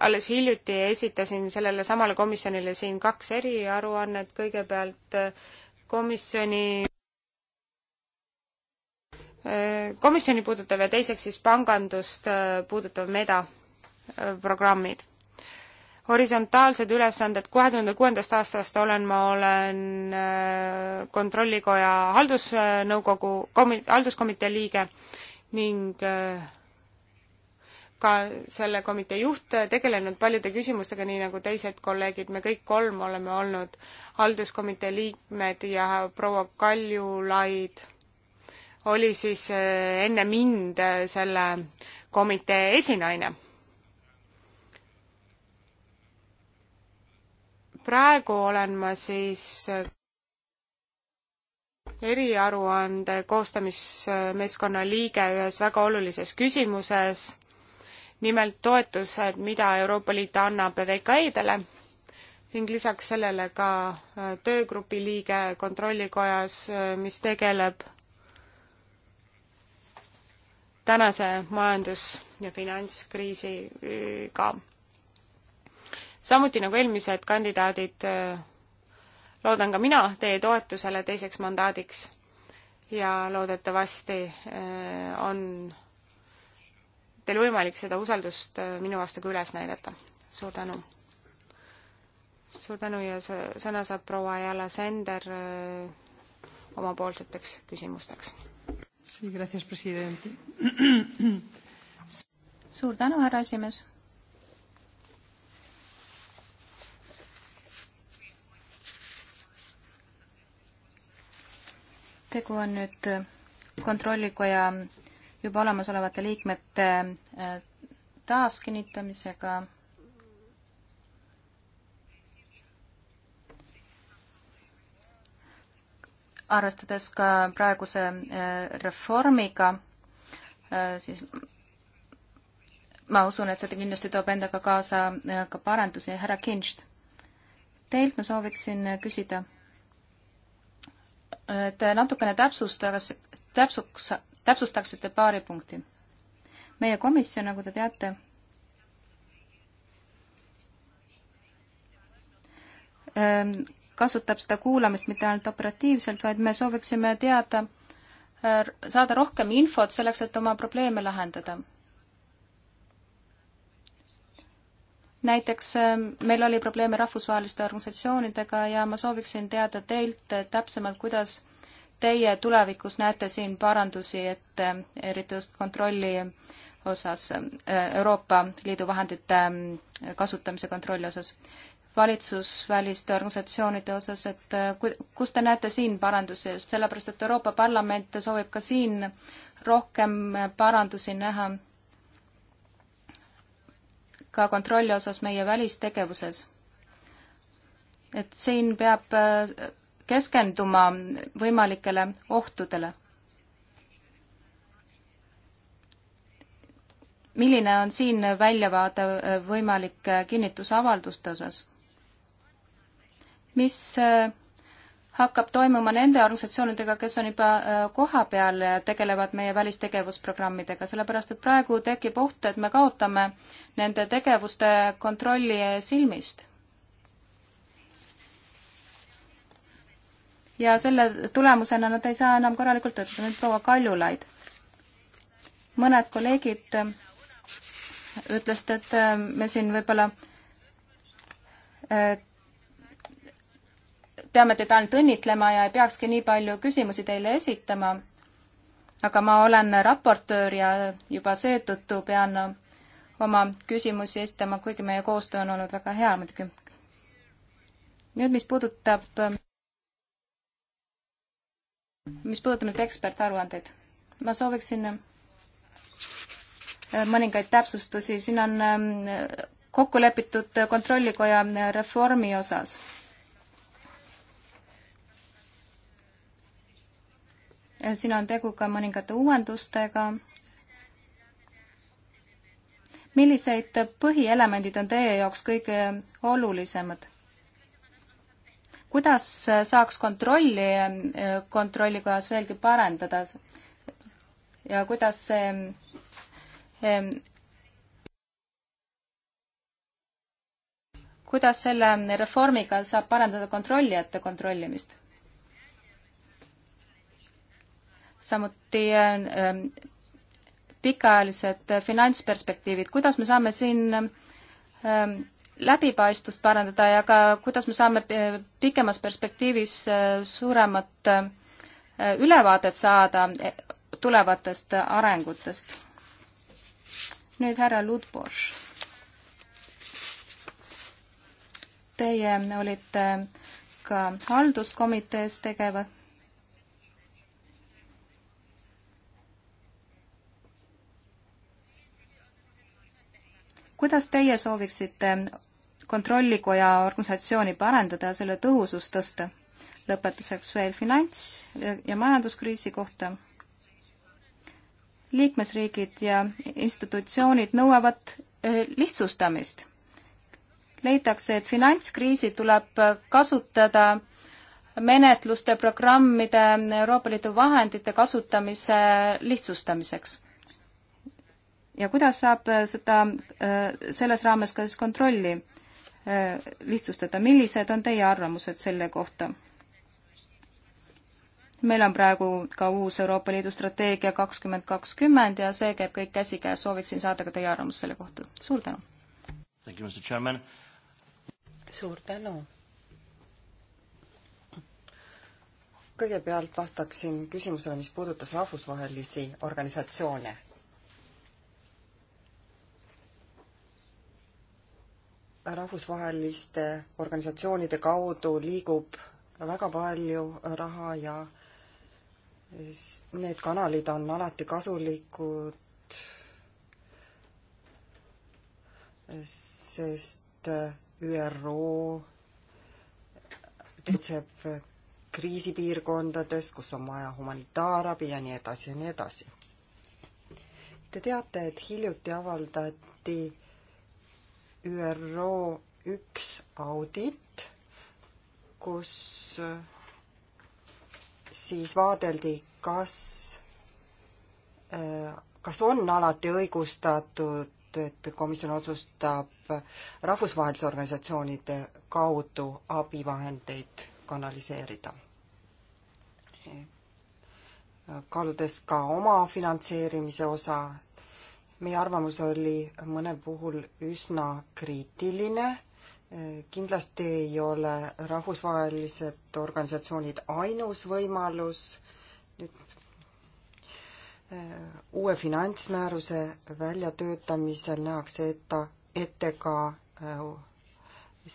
alles hiljuti esitasin sellele samale komisjonile siin kaks eriaruannet, kõigepealt äh, komisjoni eh, komisjoni puudutav ja teiseks siis pangandust eh, puudutav MEDA eh, programmid. horisontaalsed ülesanded, kahe tuhande kuuendast aastast olen ma, olen Kontrollikoja haldusnõukogu komi-, halduskomitee liige ning äh, ka selle komitee juht, tegelenud paljude küsimustega, nii nagu teised kolleegid, me kõik kolm oleme olnud halduskomitee liikmed ja proua Kaljulaid oli siis eh, enne mind eh, selle komitee esinaine. praegu olen ma siis eh, eriaruande koostamismeeskonna liige ühes väga olulises küsimuses nimelt toetused, mida Euroopa Liit annab VKI-dele ning lisaks sellele ka äh, töögrupi liige Kontrollikojas, äh, mis tegeleb tänase majandus- ja finantskriisiga. samuti nagu eelmised kandidaadid, äh, loodan ka mina teie toetusele teiseks mandaadiks ja loodetavasti on teil võimalik seda usaldust äh, minu vastu ka üles näidata. suur tänu! suur tänu ja sõna saab proua Jala Sender äh, omapoolseteks küsimusteks. suur tänu, härra esimees. tegu on nüüd kontrollikoja juba olemasolevate liikmete äh, taaskinnitamisega arvestades ka praeguse äh, reformiga, äh, siis ma usun, et see kindlasti toob endaga kaasa ka parandusi. härra Kinst, teilt ma sooviksin küsida, et natukene täpsustaks, täpsuks, täpsustaksite paari punkti. meie komisjon, nagu te teate, ähm, kasutab seda kuulamist mitte ainult operatiivselt, vaid me sooviksime teada, äh, saada rohkem infot selleks, et oma probleeme lahendada. näiteks ähm, meil oli probleeme rahvusvaheliste organisatsioonidega ja ma sooviksin teada teilt äh, täpsemalt, kuidas teie tulevikus näete siin parandusi, et eriti just kontrolli osas, äh, Euroopa Liidu vahendite ähm, kasutamise kontrolli osas? valitsusväliste organisatsioonide osas, et äh, kus te näete siin parandusi, just sellepärast, et Euroopa Parlament soovib ka siin rohkem äh, parandusi näha ka kontrolli osas meie välistegevuses. et siin peab keskenduma võimalikele ohtudele. milline on siin väljavaade võimalike kinnitusavalduste osas? mis äh, hakkab toimuma nende organisatsioonidega, kes on juba äh, kohapeal ja tegelevad meie välistegevusprogrammidega, sellepärast et praegu tekib oht, et me kaotame nende tegevuste kontrolli silmist. ja selle tulemusena nad ei saa enam korralikult töötada. nüüd proua Kaljulaid. mõned kolleegid äh, ütlesid, et äh, me siin võib-olla äh, peame teid ainult õnnitlema ja ei peakski nii palju küsimusi teile esitama. aga ma olen raportöör ja juba seetõttu pean oma küsimusi esitama, kuigi meie koostöö on olnud väga hea muidugi. nüüd, mis puudutab mis puudutab nüüd ekspertaruandeid, ma sooviksin äh, mõningaid täpsustusi, siin on ähm, kokku lepitud Kontrollikoja äh, reformi osas. Äh, siin on tegu ka mõningate uuendustega. millised põhielemendid on teie jaoks kõige olulisemad? kuidas saaks kontrolli kontrollikojas veelgi parandada ja kuidas see kuidas selle reformiga saab parandada kontrollijate kontrollimist? samuti pikaajalised finantsperspektiivid, kuidas me saame siin läbipaistvust parandada ja ka kuidas me saame pikemas perspektiivis äh, suuremat äh, ülevaadet saada e, tulevatest arengutest. nüüd härra Ludborš. Teie olite ka halduskomitees tegevad kuidas teie sooviksite kontrollikoja organisatsiooni parendada ja selle tõhusust tõsta? lõpetuseks veel finants- ja majanduskriisi kohta. liikmesriigid ja institutsioonid nõuavad eh, lihtsustamist. leitakse, et finantskriisi tuleb kasutada menetluste, programmide, Euroopa Liidu vahendite kasutamise lihtsustamiseks ja kuidas saab äh, seda äh, selles raames ka siis kontrolli äh, lihtsustada, millised on teie arvamused selle kohta? meil on praegu ka uus Euroopa Liidu strateegia kakskümmend kakskümmend ja see käib kõik käsikäes, sooviksin saada ka teie arvamust selle kohta, suur tänu! suur tänu! kõigepealt vastaksin küsimusele, mis puudutas rahvusvahelisi organisatsioone rahvusvaheliste organisatsioonide kaudu liigub väga palju raha ja need kanalid on alati kasulikud, sest ÜRO tegutseb kriisipiirkondades, kus on vaja humanitaarabi ja nii edasi ja nii edasi. Te teate, et hiljuti avaldati ÜRO üks audit, kus äh, siis vaadeldi, kas, äh, kas on alati õigustatud, et komisjon otsustab rahvusvaheliste organisatsioonide kaudu abivahendeid kanaliseerida. Äh, kaaludes ka oma finantseerimise osa meie arvamus oli mõnel puhul üsna kriitiline. kindlasti ei ole rahvusvahelised organisatsioonid ainus võimalus. nüüd äh, uue finantsmääruse väljatöötamisel nähakse ette, ette ka äh,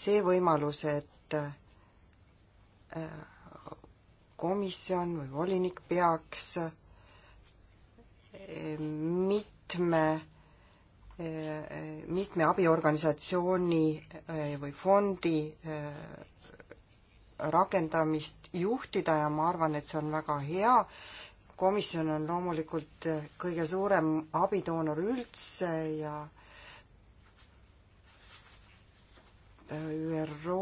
see võimalus, et äh, komisjon või volinik peaks mitme, mitme abiorganisatsiooni eh, või fondi eh, rakendamist juhtida ja ma arvan, et see on väga hea. komisjon on loomulikult eh, kõige suurem abidoonor üldse ja ÜRO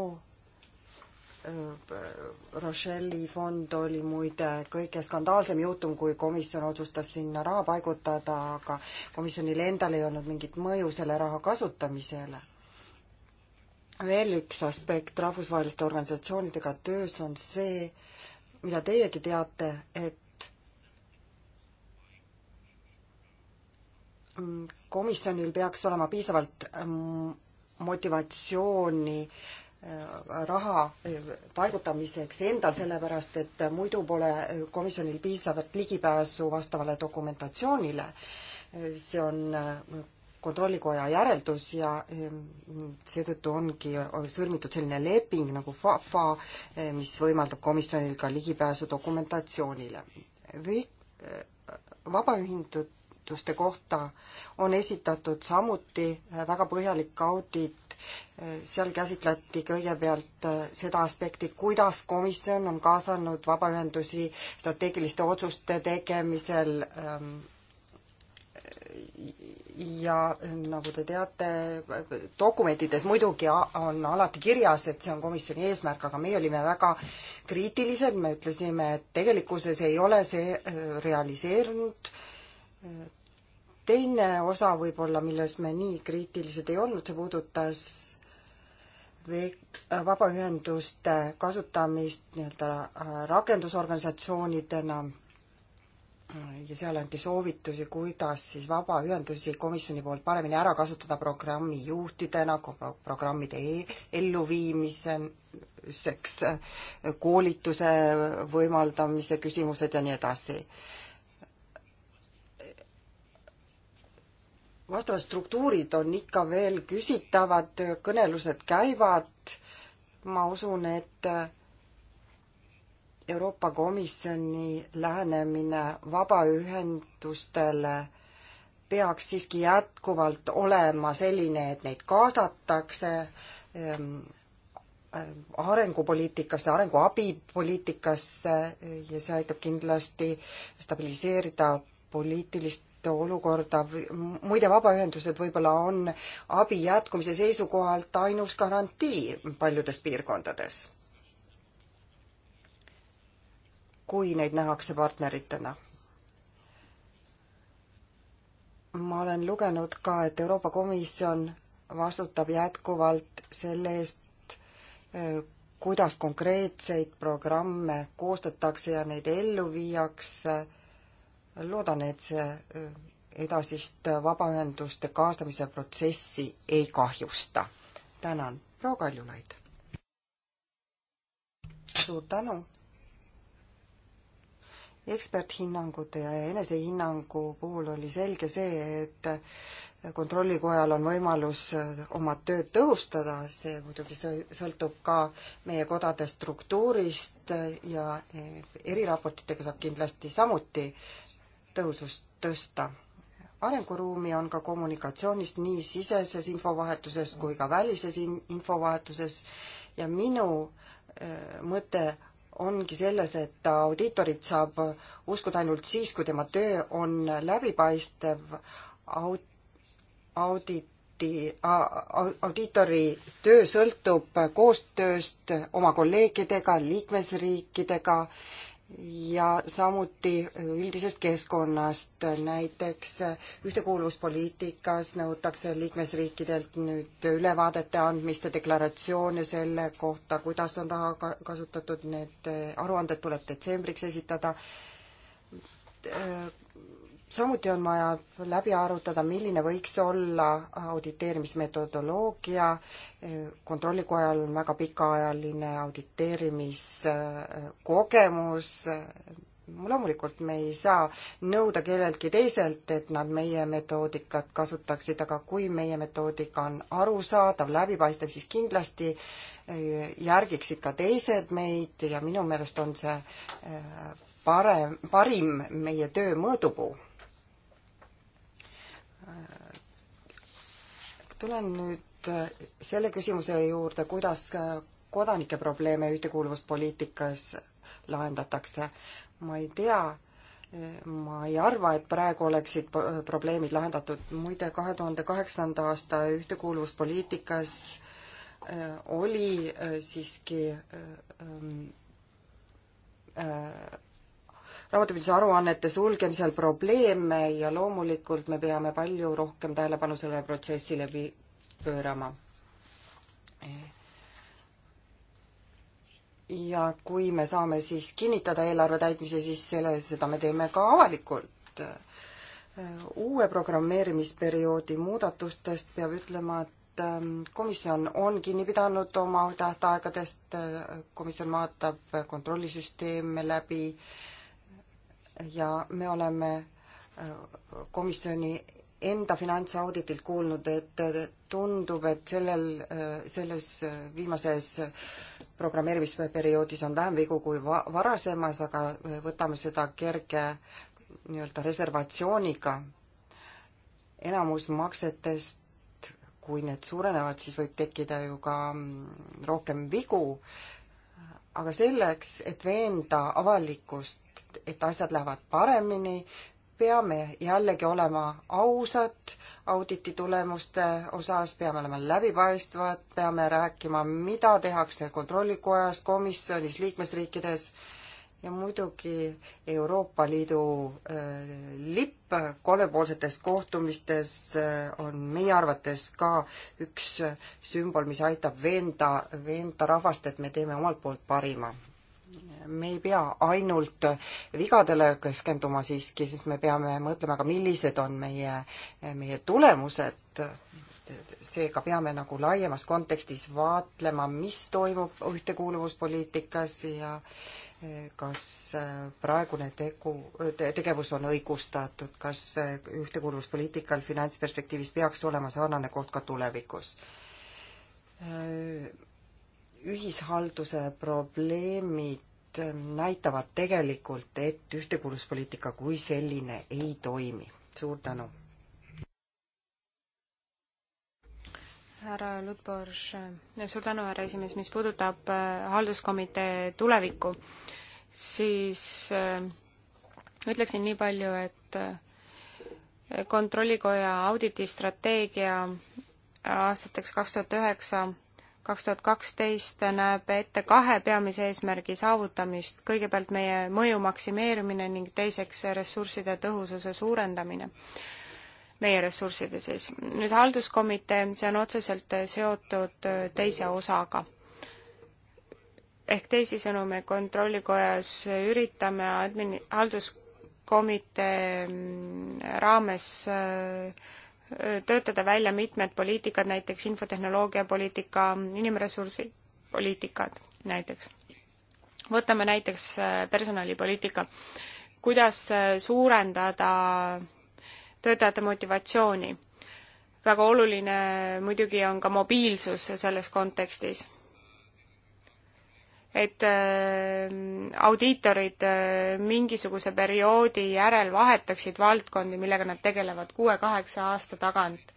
Äh, Rochelli fond oli muide kõige skandaalsem juhtum, kui komisjon otsustas sinna raha paigutada, aga komisjonil endal ei olnud mingit mõju selle raha kasutamisele. veel üks aspekt rahvusvaheliste organisatsioonidega töös on see, mida teiegi teate, et mm, komisjonil peaks olema piisavalt mm, motivatsiooni äh, Äh, raha äh, paigutamiseks endal, sellepärast et muidu pole komisjonil piisavat ligipääsu vastavale dokumentatsioonile. see on äh, kontrollikoja järeldus ja seetõttu ongi sõlmitud selline leping nagu FAFA, mis võimaldab komisjonil ka ligipääsu dokumentatsioonile. või vabaühinduste kohta on esitatud samuti väga põhjalik audit seal käsitleti kõigepealt äh, seda aspekti, kuidas komisjon on kaasanud vabaühendusi strateegiliste otsuste tegemisel ähm, ja nagu te teate, dokumentides muidugi on alati kirjas, et see on komisjoni eesmärk, aga meie olime väga kriitilised, me ütlesime, et tegelikkuses ei ole see äh, realiseerunud äh, teine osa võib-olla, milles me nii kriitilised ei olnud, see puudutas vabaühenduste kasutamist nii-öelda äh, rakendusorganisatsioonidena ja seal anti soovitusi, kuidas siis vabaühendusi komisjoni poolt paremini ära kasutada programmi juhtidena, programmide e-, elluviimiseks, koolituse võimaldamise küsimused ja nii edasi. vastavad struktuurid on ikka veel küsitavad, kõnelused käivad, ma usun, et Euroopa Komisjoni lähenemine vabaühendustele peaks siiski jätkuvalt olema selline, et neid kaasatakse ehm, arengupoliitikasse, arenguabipoliitikasse ja see aitab kindlasti stabiliseerida poliitilist olukorda, muide, vabaühendused võib-olla on abi jätkumise seisukohalt ainus garantii paljudes piirkondades, kui neid nähakse partneritena. ma olen lugenud ka, et Euroopa Komisjon vastutab jätkuvalt selle eest, kuidas konkreetseid programme koostatakse ja neid ellu viiakse loodan, et see äh, edasist äh, vabaühenduste kaasamise protsessi ei kahjusta. tänan, proua Kaljulaid. suur tänu. eksperthinnangute ja enesehinnangu puhul oli selge see, et äh, kontrollikojal on võimalus oma tööd tõhustada, see muidugi sõltub ka meie kodade struktuurist ja eriraportitega saab kindlasti samuti tõhusust tõsta. arenguruumi on ka kommunikatsioonis nii siseses infovahetuses kui ka välises infovahetuses ja minu äh, mõte ongi selles, et audiitorit saab uskuda ainult siis, kui tema töö on läbipaistev aut-, auditi, audiitori töö sõltub koostööst oma kolleegidega, liikmesriikidega ja samuti üldisest keskkonnast, näiteks ühtekuuluvuspoliitikas nõutakse liikmesriikidelt nüüd ülevaadete andmist ja deklaratsioone selle kohta, kuidas on raha kasutatud, need aruanded tuleb detsembriks esitada samuti on vaja läbi arutada, milline võiks olla auditeerimismetodoloogia, kontrollikojal on väga pikaajaline auditeerimiskogemus, loomulikult me ei saa nõuda kelleltki teiselt, et nad meie metoodikat kasutaksid, aga kui meie metoodika on arusaadav, läbipaistev, siis kindlasti eh, järgiksid ka teised meid ja minu meelest on see eh, parem, parim meie töö mõõdupuu tulen nüüd äh, selle küsimuse juurde, kuidas äh, kodanike probleeme ühtekuuluvuspoliitikas lahendatakse. ma ei tea, äh, ma ei arva, et praegu oleksid probleemid lahendatud, muide kahe tuhande kaheksanda aasta ühtekuuluvuspoliitikas oli siiski ähm, raamatupidamise aruannete sulgemisel probleeme ja loomulikult me peame palju rohkem tähelepanu sellele protsessile pöörama. ja kui me saame siis kinnitada eelarve täitmise, siis selle, seda me teeme ka avalikult. uue programmeerimisperioodi muudatustest peab ütlema, et ähm, komisjon on kinni pidanud oma tähtaegadest, äh, komisjon vaatab kontrollisüsteeme läbi, ja me oleme äh, komisjoni enda finantsauditilt kuulnud, et tundub, et sellel, äh, selles äh, viimases programmeerimisperioodis on vähem vigu kui va-, varasemas, aga võtame seda kerge nii-öelda reservatsiooniga. enamus maksetest, kui need suurenevad, siis võib tekkida ju ka mm, rohkem vigu, aga selleks, et veenda avalikkust et, et asjad lähevad paremini, peame jällegi olema ausad auditi tulemuste osas, peame olema läbipaistvad, peame rääkima, mida tehakse kontrollikojas, komisjonis, liikmesriikides ja muidugi Euroopa Liidu äh, lipp kolmepoolsetes kohtumistes äh, on meie arvates ka üks sümbol, mis aitab veenda, veenda rahvast, et me teeme omalt poolt parima me ei pea ainult vigadele keskenduma siiski, sest me peame mõtlema ka, millised on meie, meie tulemused. seega peame nagu laiemas kontekstis vaatlema, mis toimub ühtekuuluvuspoliitikas ja eh, kas eh, praegune tegu, tegevus on õigustatud, kas eh, ühtekuuluvuspoliitikal finantsperspektiivis peaks olema sarnane koht ka tulevikus ühishalduse probleemid näitavad tegelikult, et ühtekuuluvuspoliitika kui selline ei toimi. suur tänu! härra Ludborš, suur tänu, härra esimees, mis puudutab äh, halduskomitee tulevikku, siis äh, ütleksin nii palju, et äh, kontrollikoja auditistrateegia aastateks kaks tuhat üheksa kaks tuhat kaksteist näeb ette kahe peamise eesmärgi saavutamist, kõigepealt meie mõju maksimeerimine ning teiseks ressursside tõhususe suurendamine, meie ressursside siis. nüüd halduskomitee, see on otseselt seotud teise osaga. ehk teisisõnu, me Kontrollikojas üritame admin-, halduskomitee raames äh, töötada välja mitmed poliitikad, näiteks infotehnoloogiapoliitika, inimressursi poliitikad näiteks. võtame näiteks äh, personalipoliitika. kuidas äh, suurendada töötajate motivatsiooni? väga oluline muidugi on ka mobiilsus selles kontekstis et ähm, audiitorid äh, mingisuguse perioodi järel vahetaksid valdkondi, millega nad tegelevad kuue-kaheksa aasta tagant,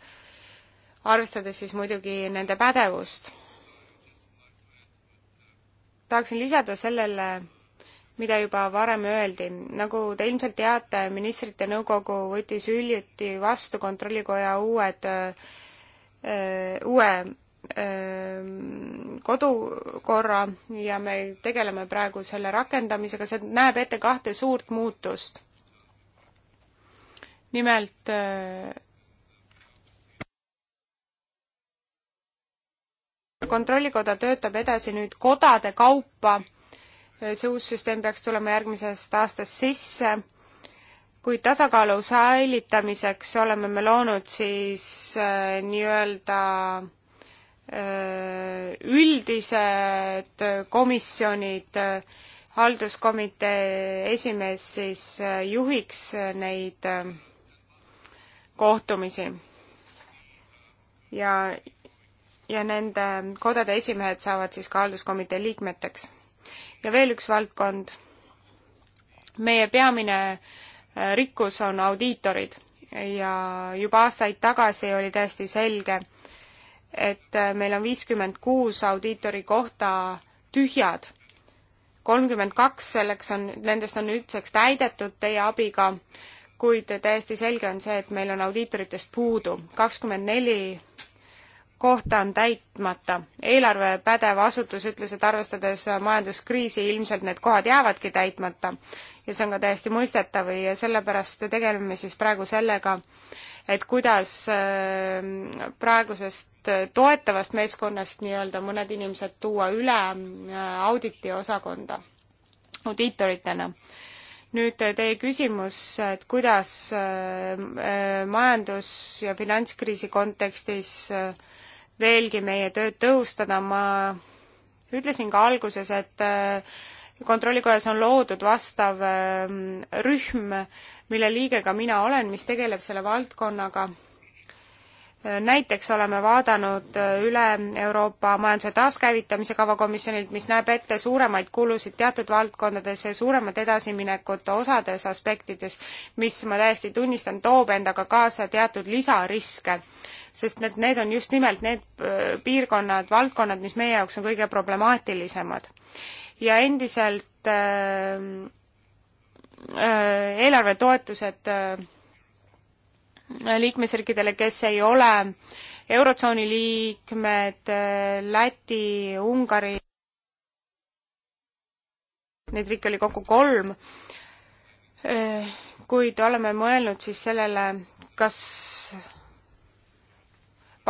arvestades siis muidugi nende pädevust. tahaksin lisada sellele, mida juba varem öeldi. nagu te ilmselt teate, ministrite nõukogu võttis hiljuti vastu Kontrollikoja uued, äh, äh, uue Ähm, kodukorra ja me tegeleme praegu selle rakendamisega, see näeb ette kahte suurt muutust. nimelt äh, kontrollikoda töötab edasi nüüd kodade kaupa, see uus süsteem peaks tulema järgmisest aastast sisse, kuid tasakaalu säilitamiseks oleme me loonud siis äh, nii-öelda äh, Äh, üldised komisjonid, äh, halduskomitee esimees siis äh, juhiks neid kohtumisi. ja, ja nende kodade esimehed saavad siis ka halduskomitee liikmeteks. ja veel üks valdkond, meie peamine rikkus on audiitorid ja juba aastaid tagasi oli täiesti selge, et äh, meil on viiskümmend kuus audiitori kohta tühjad. kolmkümmend kaks selleks on, nendest on nüüdseks täidetud teie abiga, kuid täiesti selge on see, et meil on audiitoritest puudu. kakskümmend neli kohta on täitmata. eelarvepädev asutus ütles, et arvestades majanduskriisi, ilmselt need kohad jäävadki täitmata ja see on ka täiesti mõistetav ja sellepärast tegeleme siis praegu sellega, et kuidas ähm, praegusest äh, toetavast meeskonnast nii-öelda mõned inimesed tuua üle äh, auditiosakonda audiitoritena. nüüd äh, teie küsimus, et kuidas ähm, majandus- ja finantskriisi kontekstis veelgi meie tööd tõhustada, ma ütlesin ka alguses, et kontrollikojas on loodud vastav ähm, rühm, mille liige ka mina olen, mis tegeleb selle valdkonnaga. Äh, näiteks oleme vaadanud äh, üle Euroopa Majanduse Taaskäivitamise Kava komisjonilt, mis näeb ette suuremaid kulusid teatud valdkondades ja suuremat edasiminekut osades aspektides, mis, ma täiesti tunnistan, toob endaga kaasa teatud lisariske sest need, need on just nimelt need äh, piirkonnad, valdkonnad, mis meie jaoks on kõige problemaatilisemad ja endiselt ähm, äh, eelarvetoetused äh, liikmesriikidele, kes ei ole Eurotsooni liikmed, äh, Läti, Ungari, neid riike oli kokku kolm, kuid oleme mõelnud siis sellele, kas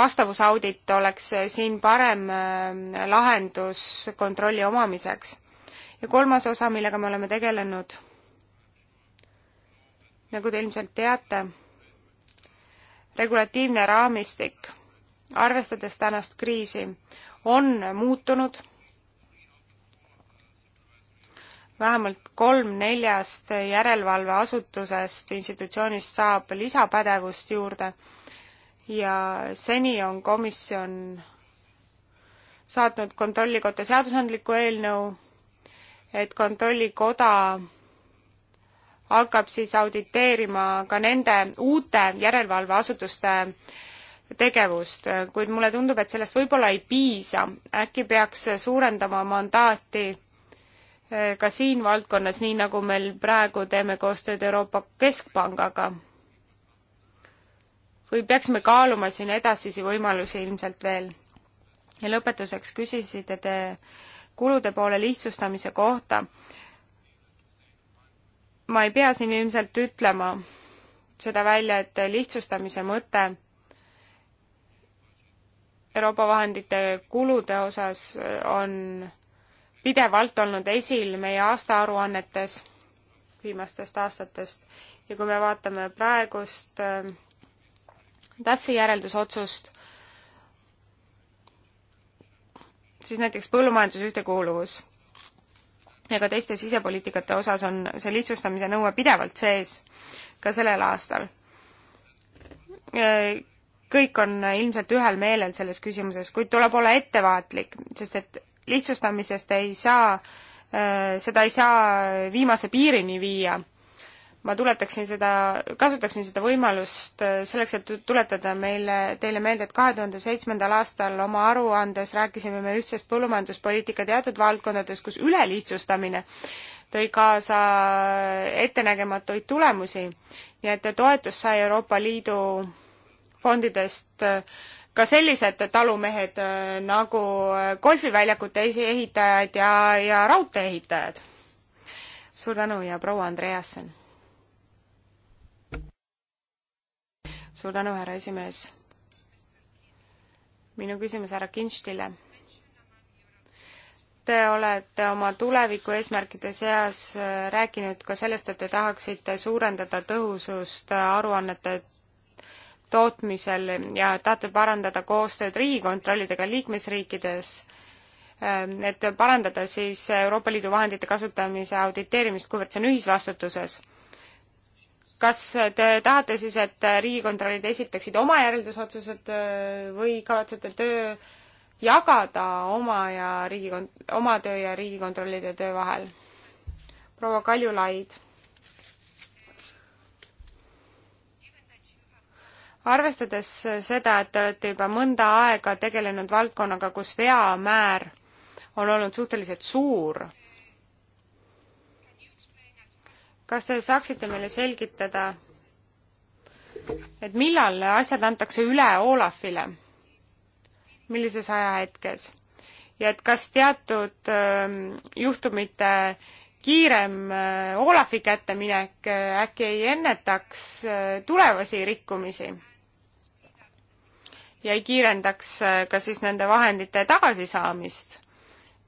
vastavusaudit oleks äh, siin parem äh, lahendus kontrolli omamiseks. ja kolmas osa, millega me oleme tegelenud, nagu te ilmselt teate, regulatiivne raamistik, arvestades tänast kriisi, on muutunud vähemalt kolm neljast järelevalveasutusest, institutsioonist saab lisapädevust juurde ja seni on komisjon saatnud Kontrollikotta seadusandliku eelnõu, et Kontrollikoda hakkab siis auditeerima ka nende uute järelevalveasutuste tegevust, kuid mulle tundub, et sellest võib-olla ei piisa. äkki peaks suurendama mandaati eh, ka siin valdkonnas, nii nagu meil praegu teeme koostööd Euroopa Keskpangaga või peaksime kaaluma siin edasisi võimalusi ilmselt veel. ja lõpetuseks küsisite te kulude poole lihtsustamise kohta. ma ei pea siin ilmselt ütlema seda välja, et lihtsustamise mõte Euroopa vahendite kulude osas on pidevalt olnud esil meie aastaaruannetes viimastest aastatest ja kui me vaatame praegust äh, DAS-i järeldusotsust, siis näiteks põllumajanduse ühtekuuluvus ja ka teiste sisepoliitikate osas on see lihtsustamise nõue pidevalt sees ka sellel aastal. kõik on ilmselt ühel meelel selles küsimuses, kuid tuleb olla ettevaatlik, sest et lihtsustamisest ei saa, äh, seda ei saa viimase piirini viia ma tuletaksin seda, kasutaksin seda võimalust äh, selleks, et tuletada meile, teile meelde, et kahe tuhande seitsmendal aastal oma aruandes rääkisime me ühtsest põllumajanduspoliitika teatud valdkondades, kus ülelihtsustamine tõi kaasa ettenägematuid tulemusi. nii et toetus sai Euroopa Liidu fondidest äh, ka sellised talumehed äh, nagu golfiväljakute ehitajad ja, ja raudtee ehitajad. suur tänu ja proua Andreasen! suur tänu, härra esimees. minu küsimus härra Kinstile. Te olete oma tuleviku eesmärkide seas äh, rääkinud ka sellest, et te tahaksite suurendada tõhusust äh, aruannete tootmisel ja tahate parandada koostööd riigikontrollidega liikmesriikides, ähm, et parandada siis Euroopa Liidu vahendite kasutamise auditeerimist, kuivõrd see on ühisvastutuses kas te tahate siis, et riigikontrollid esitaksid oma järeldusotsused äh, või kavatsete töö jagada oma ja riigikon-, oma töö ja riigikontrollide töö vahel? proua Kaljulaid. arvestades seda, et te olete juba mõnda aega tegelenud valdkonnaga, kus veamäär on olnud suhteliselt suur kas te saaksite meile selgitada, et millal asjad antakse üle Olafile? millises ajahetkes? ja et kas teatud ähm, juhtumite kiirem äh, Olafi kätte minek äh, äkki ei ennetaks äh, tulevasi rikkumisi ja ei kiirendaks ka siis nende vahendite tagasisaamist?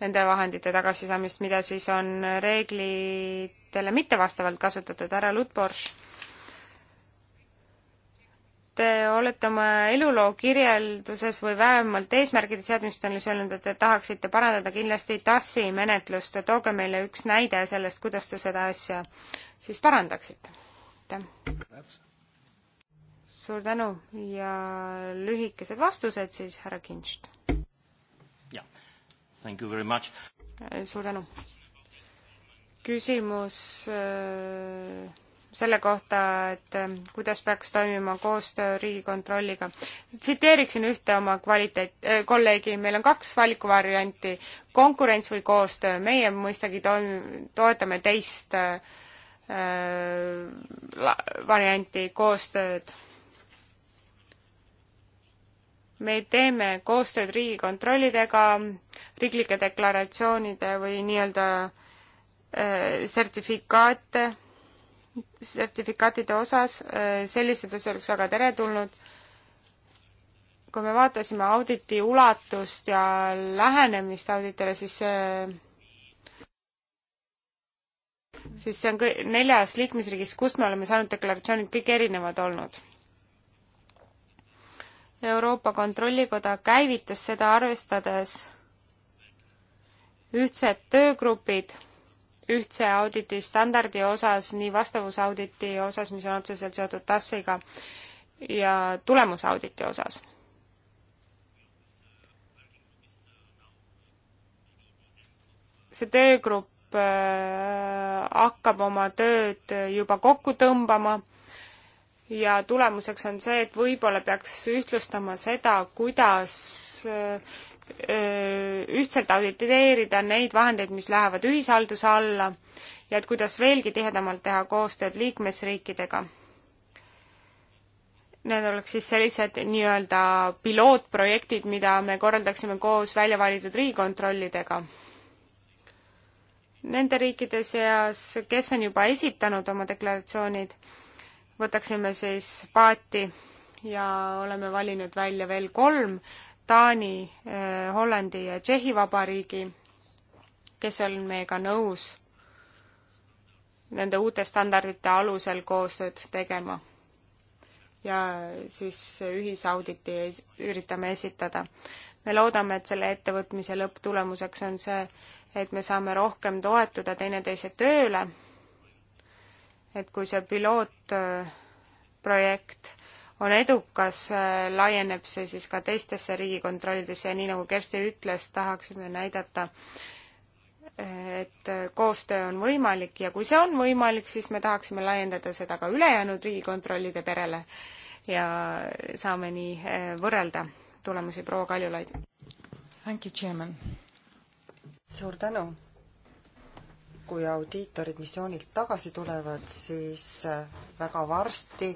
nende vahendite tagasisaamist, mida siis on reeglitele mittevastavalt kasutatud. härra Lutborš, te olete oma eluloo kirjelduses või vähemalt eesmärgide seadmistanis öelnud, et te tahaksite parandada kindlasti TASi menetlust. tooge meile üks näide sellest, kuidas te seda asja siis parandaksite. suur tänu ja lühikesed vastused siis, härra Kinst. jah Thank you very much. Eh, suur tänu. küsimus eh, selle kohta, et eh, kuidas peaks toimima koostöö Riigikontrolliga. tsiteeriksin ühte oma kvaliteet, kolleegi, meil on kaks valikuvarianti, konkurents või koostöö, meie mõistagi toim-, toetame teist äh, varianti, koostööd me teeme koostööd riigikontrollidega riiklike deklaratsioonide või nii-öelda äh, sertifikaate, sertifikaatide osas, äh, sellised asjad oleks väga teretulnud. kui me vaatasime auditi ulatust ja lähenemist auditele, siis see siis see on neljas liikmesriigis, kust me oleme saanud deklaratsioonid kõik erinevad olnud Euroopa Kontrollikoda käivitas seda arvestades ühtsed töögrupid ühtse auditi standardi osas, nii vastavusauditi osas, mis on otseselt seotud TASSiga, ja tulemusauditi osas. see töögrupp äh, hakkab oma tööd juba kokku tõmbama ja tulemuseks on see, et võib-olla peaks ühtlustama seda, kuidas äh, äh, ühtselt auditeerida neid vahendeid, mis lähevad ühishalduse alla ja et kuidas veelgi tihedamalt teha koostööd liikmesriikidega. Need oleks siis sellised nii-öelda pilootprojektid, mida me korraldaksime koos välja valitud riigikontrollidega. Nende riikide seas, kes on juba esitanud oma deklaratsioonid, võtaksime siis paati ja oleme valinud välja veel kolm, Taani, eh, Hollandi ja Tšehhi Vabariigi, kes on meiega nõus nende uute standardite alusel koostööd tegema. ja siis ühisauditi üritame esitada. me loodame, et selle ettevõtmise lõpptulemuseks on see, et me saame rohkem toetuda teineteise tööle et kui see pilootprojekt on edukas, laieneb see siis ka teistesse riigikontrollidesse ja nii nagu Kersti ütles, tahaksime näidata, et koostöö on võimalik ja kui see on võimalik, siis me tahaksime laiendada seda ka ülejäänud riigikontrollide perele ja saame nii eh, võrrelda tulemusi. proua Kaljulaid. suur tänu kui audiitorid missioonilt tagasi tulevad, siis äh, väga varsti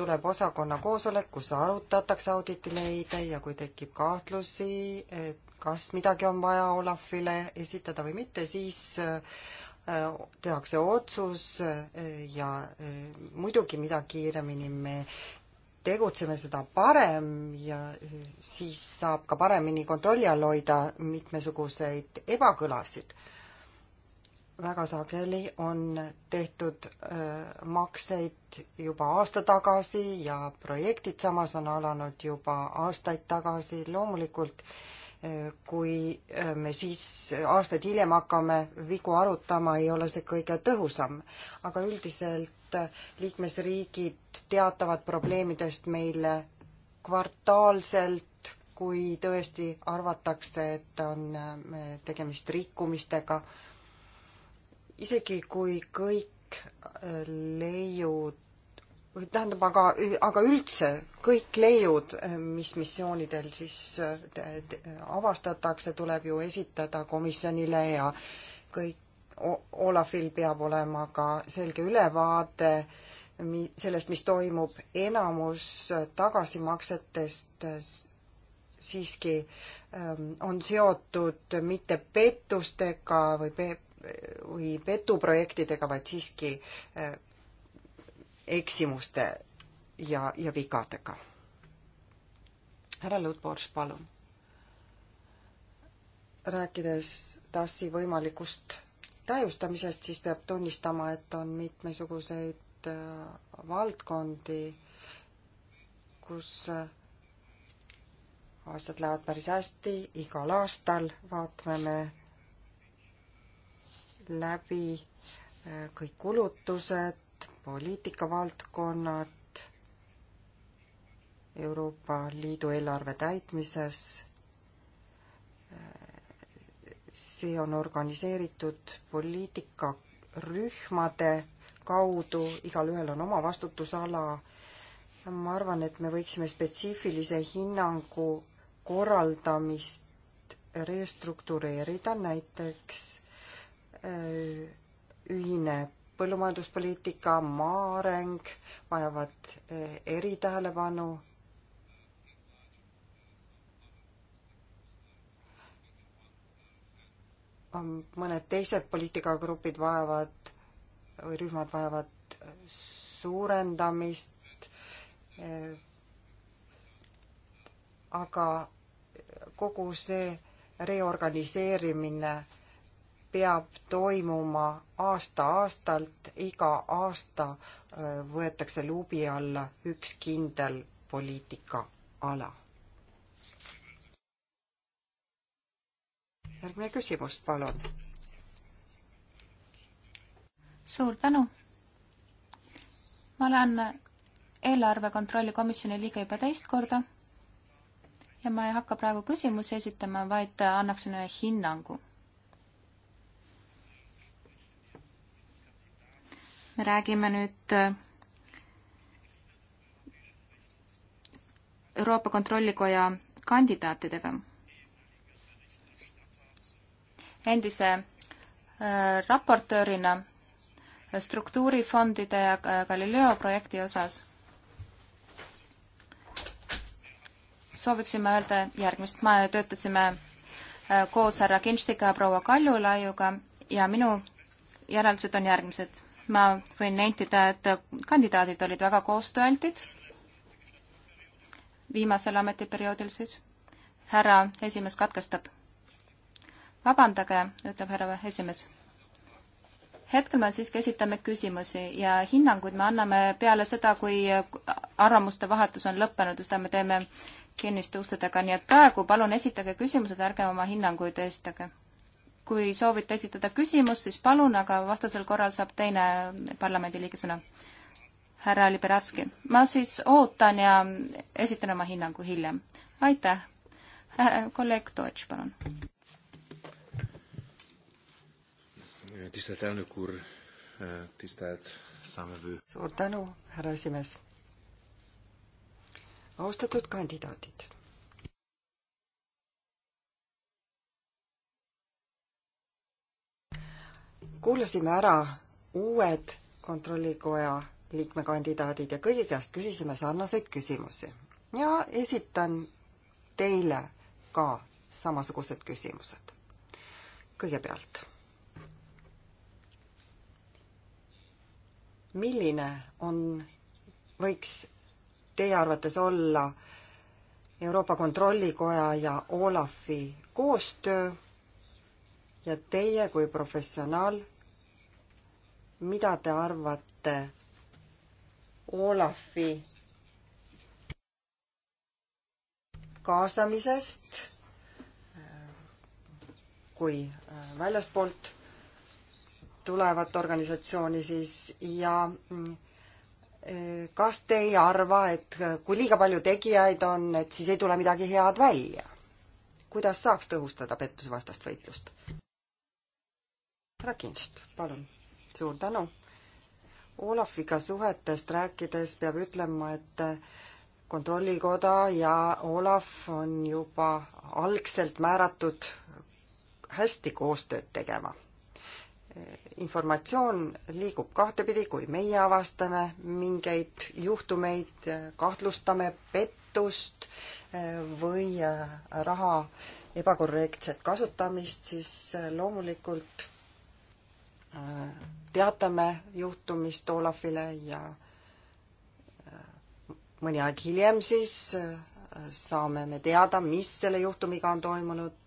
tuleb osakonna koosolek, kus arutatakse auditileide ja kui tekib kahtlusi, et kas midagi on vaja Olafile esitada või mitte, siis äh, tehakse otsus äh, ja muidugi, mida kiiremini me tegutseme, seda parem ja siis saab ka paremini kontrolli all hoida mitmesuguseid ebakõlasid väga sageli on tehtud äh, makseid juba aasta tagasi ja projektid samas on alanud juba aastaid tagasi, loomulikult äh, kui äh, me siis aastaid hiljem hakkame vigu arutama, ei ole see kõige tõhusam. aga üldiselt liikmesriigid teatavad probleemidest meile kvartaalselt, kui tõesti arvatakse, et on tegemist rikkumistega isegi kui kõik äh, leiud või tähendab, aga, aga üldse kõik leiud, äh, mis missioonidel siis äh, avastatakse, tuleb ju esitada komisjonile ja kõik, Olafil peab olema ka selge ülevaade mi-, sellest, mis toimub, enamus tagasimaksetest siiski ähm, on seotud mitte pettustega või pe-, või petuprojektidega, vaid siiski eh, eksimuste ja, ja vigadega. härra Lutborš, palun. rääkides TASi võimalikust täiustamisest, siis peab tunnistama, et on mitmesuguseid eh, valdkondi, kus eh, asjad lähevad päris hästi, igal aastal vaatame me läbi äh, kõik kulutused, poliitikavaldkonnad, Euroopa Liidu eelarve täitmises, äh, see on organiseeritud poliitikarühmade kaudu, igalühel on oma vastutusala. ma arvan, et me võiksime spetsiifilise hinnangu korraldamist restruktureerida, näiteks Äh, ühine põllumajanduspoliitika, maa areng vajavad äh, eritähelepanu. mõned teised poliitikagrupid vajavad või rühmad vajavad suurendamist. Äh, aga kogu see reorganiseerimine peab toimuma aasta-aastalt, iga aasta võetakse luubi alla üks kindel poliitikaala. järgmine küsimus, palun. suur tänu. ma olen eelarve kontrolli komisjoni liige juba teist korda ja ma ei hakka praegu küsimusi esitama, vaid annaksin ühe hinnangu räägime nüüd äh, Euroopa Kontrollikoja kandidaatidega. endise äh, raportöörina struktuurifondide ja Galileo projekti osas sooviksime öelda järgmist. me töötasime äh, koos härra Kinstiga ja proua Kaljulaiuga ja minu järeldused on järgmised ma võin nentida, et kandidaadid olid väga koostööaltid viimasel ametiperioodil siis. härra esimees katkestab. vabandage, ütleb härra esimees. hetkel me siiski esitame küsimusi ja hinnanguid me anname peale seda, kui arvamuste vahetus on lõppenud ja seda me teeme kinniste uste taga, nii et praegu palun esitage küsimused, ärge oma hinnanguid esitage kui soovite esitada küsimust, siis palun, aga vastasel korral saab teine parlamendiliige sõna. härra Liberatski, ma siis ootan ja esitan oma hinnangu hiljem. aitäh. kolleeg Deutsch, palun. Eh, suur tänu, härra esimees. austatud kandidaadid kuulasime ära uued kontrollikoja liikmekandidaadid ja kõigi käest küsisime sarnaseid küsimusi. ja esitan teile ka samasugused küsimused. kõigepealt. milline on, võiks teie arvates olla Euroopa Kontrollikoja ja Olafi koostöö ja teie kui professionaal mida te arvate Olafi kaasamisest kui äh, väljastpoolt tulevat organisatsiooni siis ja mm, äh, kas te ei arva, et äh, kui liiga palju tegijaid on, et siis ei tule midagi head välja? kuidas saaks tõhustada pettusevastast võitlust? härra Kinst, palun suur tänu. Olafiga suhetest rääkides peab ütlema, et kontrollikoda ja Olaf on juba algselt määratud hästi koostööd tegema. informatsioon liigub kahtepidi, kui meie avastame mingeid juhtumeid, kahtlustame pettust või raha ebakorrektset kasutamist, siis loomulikult äh, teatame juhtumist Olafile ja äh, mõni aeg hiljem siis äh, saame me teada, mis selle juhtumiga on toimunud.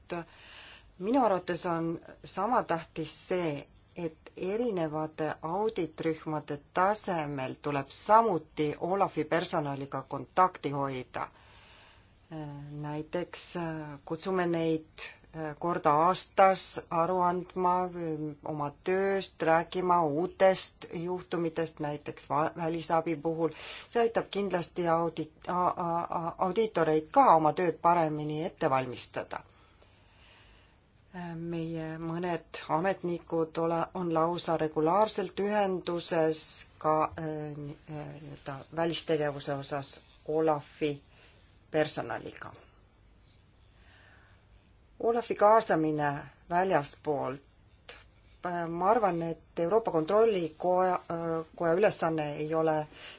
minu arvates on sama tähtis see, et erinevate auditrühmade tasemel tuleb samuti Olafi personaliga kontakti hoida. Äh, näiteks kutsume neid korda aastas aru andma oma tööst, rääkima uutest juhtumitest, näiteks välisabi puhul. see aitab kindlasti audi-, audiitoreid ka oma tööd paremini ette valmistada. meie mõned ametnikud ole, on lausa regulaarselt ühenduses ka nii-öelda äh, välistegevuse osas Olafi personaliga Olafi kaasamine väljastpoolt, äh, ma arvan, et Euroopa Kontrollikoja, äh, koja ülesanne ei ole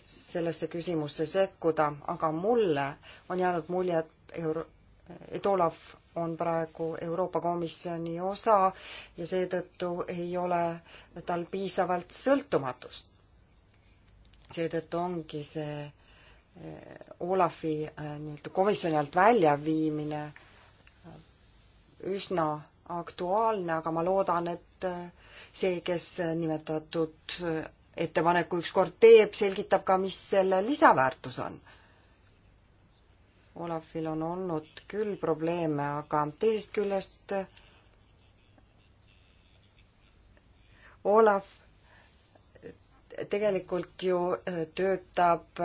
sellesse küsimusse sekkuda, aga mulle on jäänud mulje, et euro-, et Olav on praegu Euroopa Komisjoni osa ja seetõttu ei ole tal piisavalt sõltumatust. seetõttu ongi see äh, Olafi nii-öelda komisjoni alt väljaviimine üsna aktuaalne, aga ma loodan, et äh, see, kes nimetatud äh, ettepaneku ükskord teeb, selgitab ka, mis selle lisaväärtus on. Olafil on olnud küll probleeme, aga teisest küljest äh, Olav tegelikult ju töötab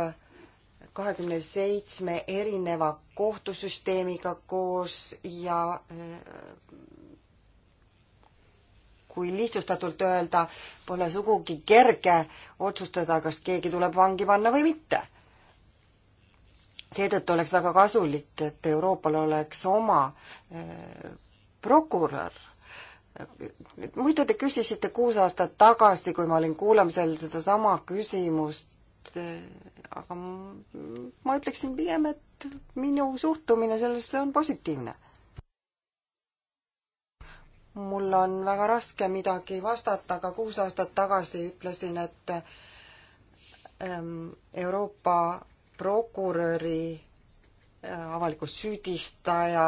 kahekümne seitsme erineva kohtusüsteemiga koos ja äh, kui lihtsustatult öelda, pole sugugi kerge otsustada, kas keegi tuleb vangi panna või mitte. seetõttu oleks väga kasulik, et Euroopal oleks oma äh, prokurör. muidu te küsisite kuus aastat tagasi, kui ma olin kuulamisel sedasama küsimust, aga ma ütleksin pigem, et minu suhtumine sellesse on positiivne. mul on väga raske midagi vastata, aga kuus aastat tagasi ütlesin, et ehm, Euroopa prokuröri äh, avaliku süüdistaja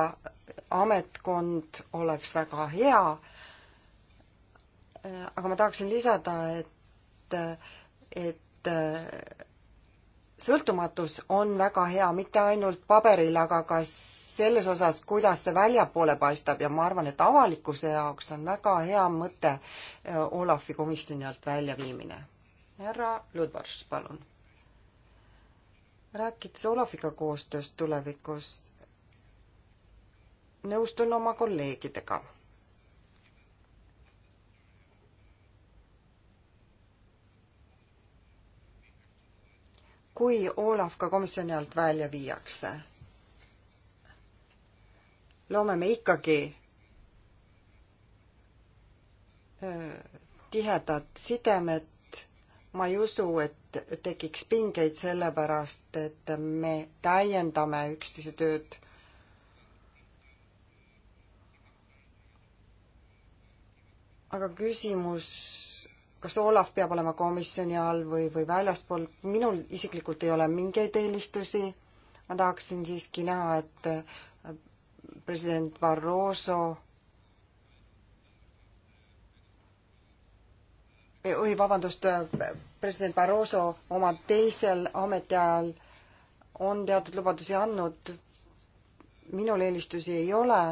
ametkond oleks väga hea, äh, aga ma tahaksin lisada, et, et et äh, sõltumatus on väga hea, mitte ainult paberil, aga ka selles osas, kuidas see väljapoole paistab ja ma arvan, et avalikkuse jaoks on väga hea mõte äh, Olafi komisjoni alt väljaviimine. härra Ludvars, palun. rääkides Olafiga koostööst tulevikus, nõustun oma kolleegidega kui Olav ka komisjoni alt välja viiakse, loome me ikkagi tihedat sidemet. ma ei usu, et tekiks pingeid sellepärast, et me täiendame üksteise tööd. aga küsimus kas Olav peab olema komisjoni all või, või väljaspool, minul isiklikult ei ole mingeid eelistusi, ma tahaksin siiski näha, et äh, president Barroso või eh, vabandust, äh, president Barroso oma teisel ametiajal on teatud lubadusi andnud, minul eelistusi ei ole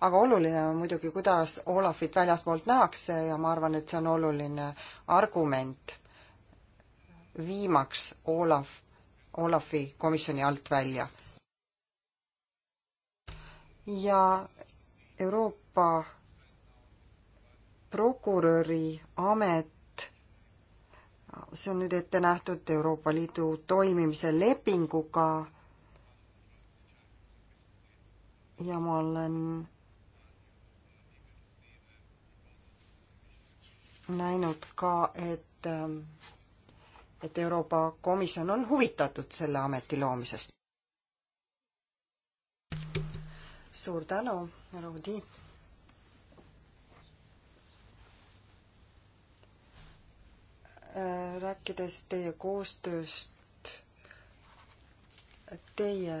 aga oluline on muidugi, kuidas Olafit väljaspoolt nähakse ja ma arvan, et see on oluline argument viimaks Olav, Olafi komisjoni alt välja. ja Euroopa prokuröri amet, see on nüüd ette nähtud Euroopa Liidu toimimise lepinguga ja ma olen näinud ka, et ähm, et Euroopa Komisjon on huvitatud selle ameti loomisest. suur tänu, Rudi. Äh, rääkides teie koostööst, teie,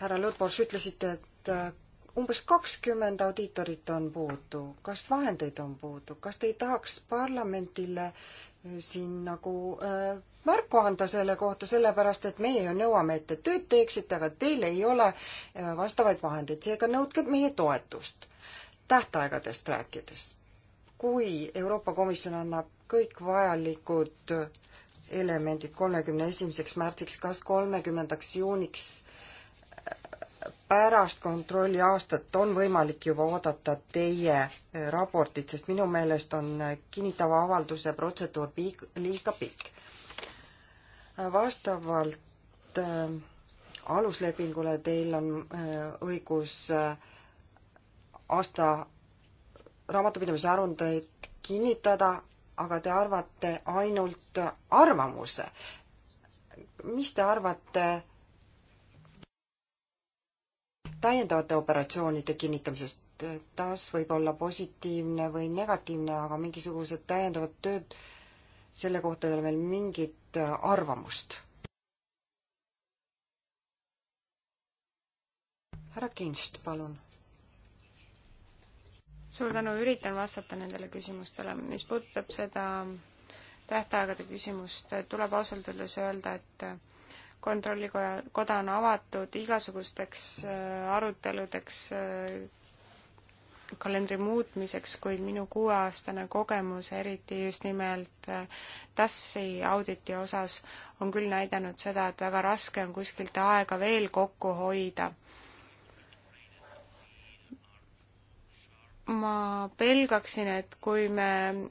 härra Lõdborš, ütlesite, et äh, umbes kakskümmend audiitorit on puudu, kas vahendeid on puudu, kas te ei tahaks parlamendile eh, siin nagu äh, märku anda selle kohta, sellepärast et meie ju nõuame, et te tööd teeksite, aga teil ei ole äh, vastavaid vahendeid, seega nõudke meie toetust. tähtaegadest rääkides, kui Euroopa Komisjon annab kõik vajalikud elemendid kolmekümne esimeseks märtsiks, kas kolmekümnendaks juuniks pärast kontrolli aastat on võimalik juba oodata teie eh, raportit, sest minu meelest on eh, kinnitava avalduse protseduur piik-, liiga pikk. Eh, vastavalt äh, aluslepingule teil on äh, õigus äh, aasta raamatupidamise aruandeid kinnitada, aga te arvate ainult arvamuse. mis te arvate äh, täiendavate operatsioonide kinnitamisest. taas võib olla positiivne või negatiivne, aga mingisugused täiendavad tööd, selle kohta ei ole meil mingit arvamust. härra Kinst, palun. suur tänu, üritan vastata nendele küsimustele, mis puudutab seda tähtaegade küsimust, tuleb ausalt öeldes öelda, et kontrollikoja, koda on avatud igasugusteks äh, aruteludeks, äh, kalendri muutmiseks, kuid minu kuueaastane kogemus, eriti just nimelt äh, TASSi auditi osas, on küll näidanud seda, et väga raske on kuskilt aega veel kokku hoida ma pelgaksin, et kui me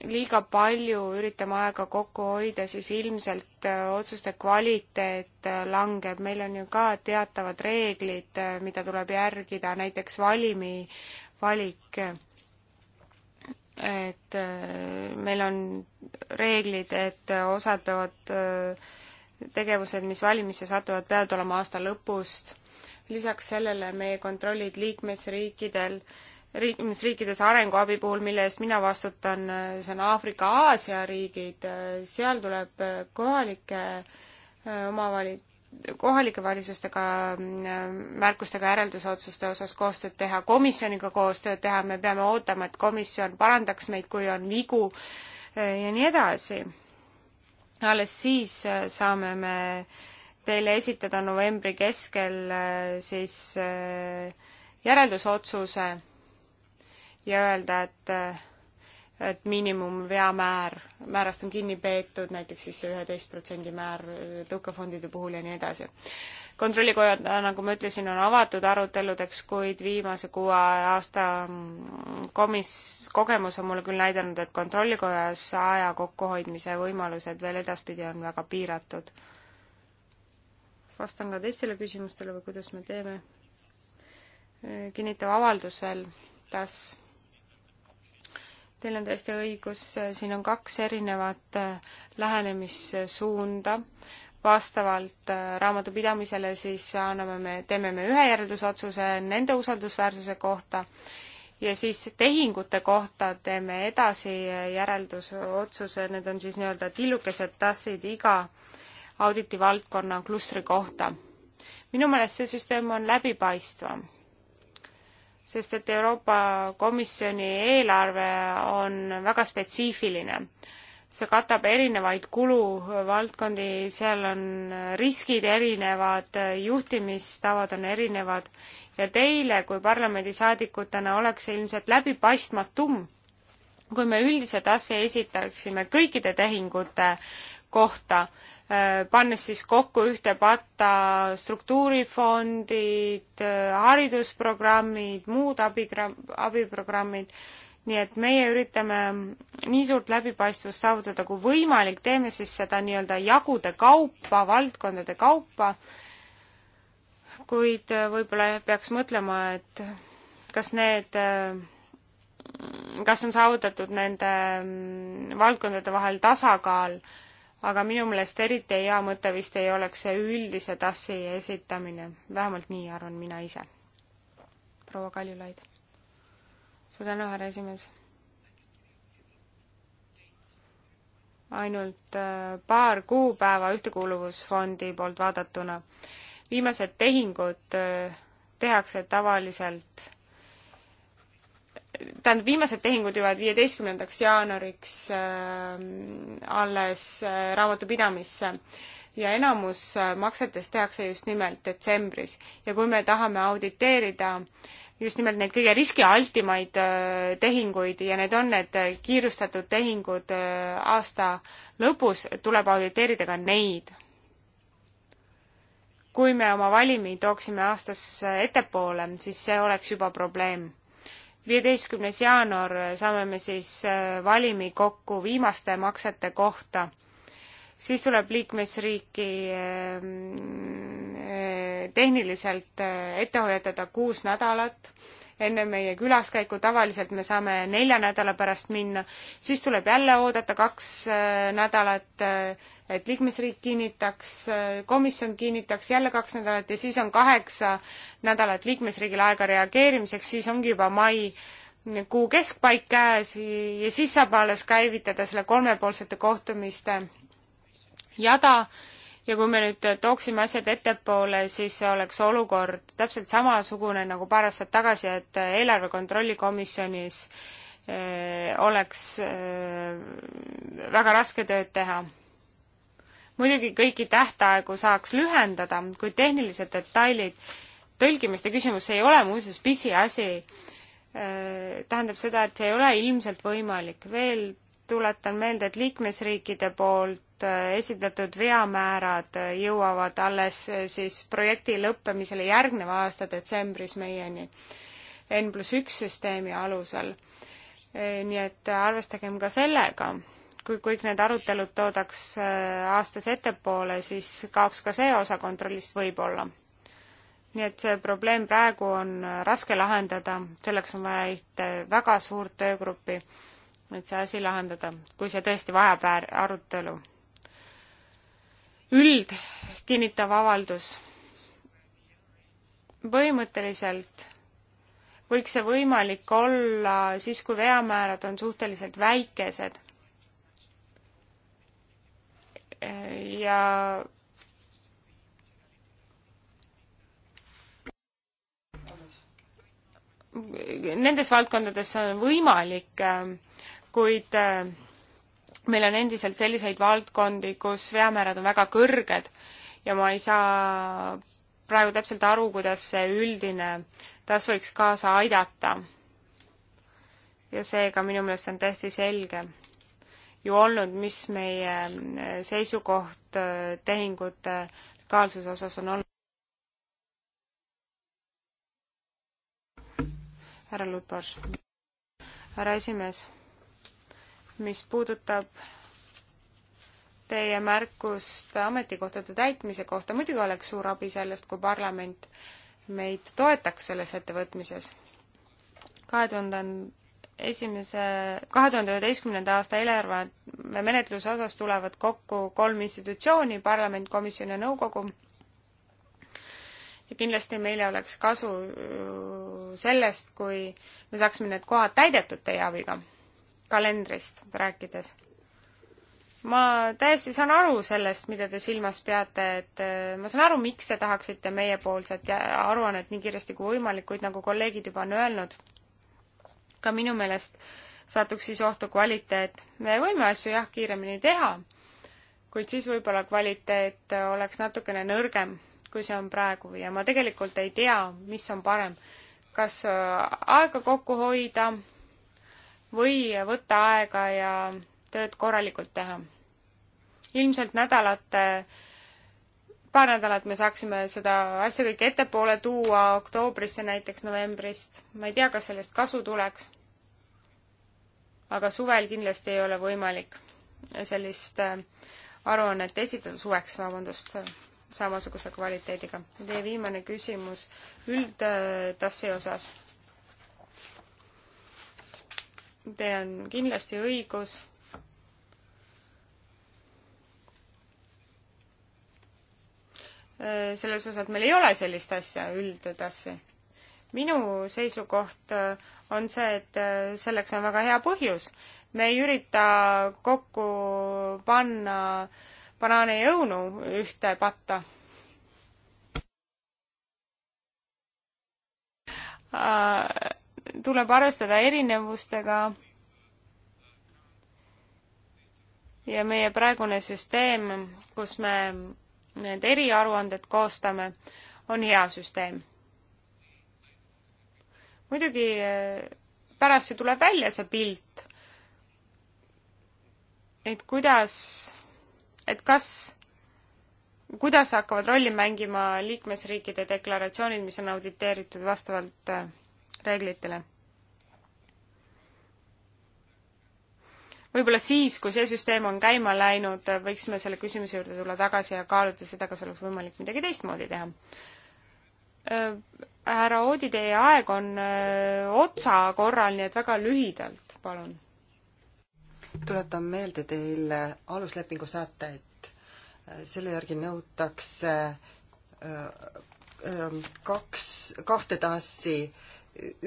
liiga palju üritame aega kokku hoida, siis ilmselt äh, otsuste kvaliteet äh, langeb. meil on ju ka teatavad reeglid, äh, mida tuleb järgida, näiteks valimi valik. et meil on reeglid, et osad peavad, tegevused, mis valimisse satuvad, peavad olema aasta lõpust. lisaks sellele meie kontrollid liikmesriikidel äh, liikmesriikides arenguabi puhul, mille eest mina vastutan, see on Aafrika, Aasia riigid, seal tuleb kohalike omavali-, kohalike valitsustega märkustega järeldusotsuste osas koostööd teha, komisjoniga koostööd teha, me peame ootama, et komisjon parandaks meid, kui on vigu ja nii edasi. alles siis saame me teile esitada novembri keskel siis äh, järeldusotsuse ja öelda, et, et miinimumveamäär, määrast on kinni peetud, näiteks siis see üheteist protsendi määr tõukefondide puhul ja nii edasi. kontrollikojad, nagu ma ütlesin, on avatud aruteludeks, kuid viimase kuue aasta mm, komis-, kogemus on mulle küll näidanud, et kontrollikojas aja kokkuhoidmise võimalused veel edaspidi on väga piiratud. vastan ka teistele küsimustele või kuidas me teeme? kinnitav avaldus veel, kas Teil on täiesti õigus, siin on kaks erinevat äh, lähenemissuunda. vastavalt äh, raamatupidamisele siis anname me, teeme me ühe järeldusotsuse nende usaldusväärsuse kohta ja siis tehingute kohta teeme edasi äh, järeldusotsuse, need on siis nii-öelda tillukesed tassid iga auditivaldkonna klustri kohta. minu meelest see süsteem on läbipaistvam sest et Euroopa Komisjoni eelarve on väga spetsiifiline. see katab erinevaid kuluvaldkondi, seal on riskid erinevad, juhtimistavad on erinevad ja teile kui parlamendisaadikutena oleks see ilmselt läbipaistmatum, kui me üldise tasse esitaksime kõikide tehingute kohta, äh, pannes siis kokku ühte patta struktuurifondid, äh, haridusprogrammid, muud abigramm, abiprogrammid, nii et meie üritame nii suurt läbipaistvust saavutada kui võimalik, teeme siis seda nii-öelda jagude kaupa, valdkondade kaupa, kuid äh, võib-olla peaks mõtlema, et kas need kas on saavutatud nende mm, valdkondade vahel tasakaal äh, aga minu meelest eriti hea mõte vist ei oleks see üldise tassi esitamine, vähemalt nii arvan mina ise. proua Kaljulaid. suur tänu, härra esimees. ainult äh, paar kuupäeva Ühtekuuluvusfondi poolt vaadatuna. viimased tehingud äh, tehakse tavaliselt tähendab, viimased tehingud jõuavad viieteistkümnendaks jaanuariks äh, alles äh, raamatupidamisse ja enamus äh, maksetest tehakse just nimelt detsembris. ja kui me tahame auditeerida just nimelt neid kõige riskialtimaid äh, tehinguid ja need on need äh, kiirustatud tehingud äh, aasta lõpus, tuleb auditeerida ka neid. kui me oma valimi tooksime aastas äh, ettepoole, siis see oleks juba probleem viieteistkümnes jaanuar saame me siis äh, valimi kokku viimaste maksete kohta. siis tuleb liikmesriiki ähm, äh, tehniliselt äh, ette hoiatada kuus nädalat enne meie külaskäiku, tavaliselt me saame nelja nädala pärast minna, siis tuleb jälle oodata kaks äh, nädalat, äh, et liikmesriik kinnitaks, äh, komisjon kinnitaks jälle kaks nädalat ja siis on kaheksa nädalat liikmesriigil aega reageerimiseks, siis ongi juba mai kuu keskpaik käes ja siis saab alles käivitada selle kolmepoolsete kohtumiste jada ja kui me nüüd tooksime asjad ettepoole, siis oleks olukord täpselt samasugune nagu paar aastat tagasi, et eelarve kontrolli komisjonis eh, oleks eh, väga raske tööd teha. muidugi kõiki tähtaegu saaks lühendada, kuid tehnilised detailid, tõlgimiste küsimus ei ole muuseas pisiasi, eh, tähendab seda, et see ei ole ilmselt võimalik. veel tuletan meelde, et liikmesriikide poolt äh, esitatud veamäärad äh, jõuavad alles äh, siis projekti lõppemisele järgneva aasta detsembris meieni N pluss üks süsteemi alusel. nii et arvestagem ka sellega, kui kõik need arutelud toodaks aastas ettepoole, siis kaoks ka see osa kontrollist võib-olla. nii et see probleem praegu on raske lahendada, selleks on vaja ühte väga suurt töögruppi et see asi lahendada, kui see tõesti vajab väär-, arutelu. üldkinnitav avaldus. põhimõtteliselt võiks see võimalik olla siis, kui veamäärad on suhteliselt väikesed. ja nendes valdkondades on võimalik äh, kuid äh, meil on endiselt selliseid valdkondi, kus veamäärad on väga kõrged ja ma ei saa praegu täpselt aru, kuidas see üldine tasu võiks kaasa aidata. ja seega minu meelest on täiesti selge ju olnud, mis meie äh, seisukoht äh, tehingute legaalsuse osas on olnud. härra Lutboš. härra esimees mis puudutab teie märkust ametikohtade täitmise kohta, muidugi oleks suur abi sellest, kui parlament meid toetaks selles ettevõtmises. kahe tuhande esimese, kahe tuhande üheteistkümnenda aasta eelarve menetluse osas tulevad kokku kolm institutsiooni, parlament, komisjon ja nõukogu. ja kindlasti meile oleks kasu sellest, kui me saaksime need kohad täidetud teie abiga kalendrist rääkides. ma täiesti saan aru sellest, mida te silmas peate, et äh, ma saan aru, miks te tahaksite meiepoolset aruannet nii kiiresti kui võimalik, kuid nagu kolleegid juba on öelnud, ka minu meelest satuks siis ohtu kvaliteet. me võime asju jah, kiiremini teha, kuid siis võib-olla kvaliteet oleks natukene nõrgem, kui see on praegu ja ma tegelikult ei tea, mis on parem. kas äh, aega kokku hoida või võtta aega ja tööd korralikult teha. ilmselt nädalate, paar nädalat me saaksime seda asja kõike ettepoole tuua, oktoobrisse näiteks, novembrist. ma ei tea, kas sellest kasu tuleks. aga suvel kindlasti ei ole võimalik sellist äh, aruannet esitada, suveks, vabandust, äh, samasuguse kvaliteediga. Teie viimane küsimus üldtassi osas Teil on kindlasti õigus. Äh, selles osas meil ei ole sellist asja üldedasi. minu seisukoht äh, on see, et äh, selleks on väga hea põhjus. me ei ürita kokku panna banaane ja õunu ühte patta tuleb arvestada erinevustega ja meie praegune süsteem, kus me need eriaruanded koostame, on hea süsteem. muidugi eh, pärast ju tuleb välja see pilt, et kuidas, et kas, kuidas hakkavad rolli mängima liikmesriikide deklaratsioonid, mis on auditeeritud vastavalt eh, reeglitele. võib-olla siis, kui see süsteem on käima läinud, võiksime selle küsimuse juurde tulla tagasi ja kaaluda seda, kas oleks võimalik midagi teistmoodi teha äh, härra Oodi, teie aeg on öö, äh, otsa korral, nii et väga lühidalt, palun. tuletan meelde teile aluslepingu sätteid. Äh, selle järgi nõutakse öö, öö, kaks, kahte tassi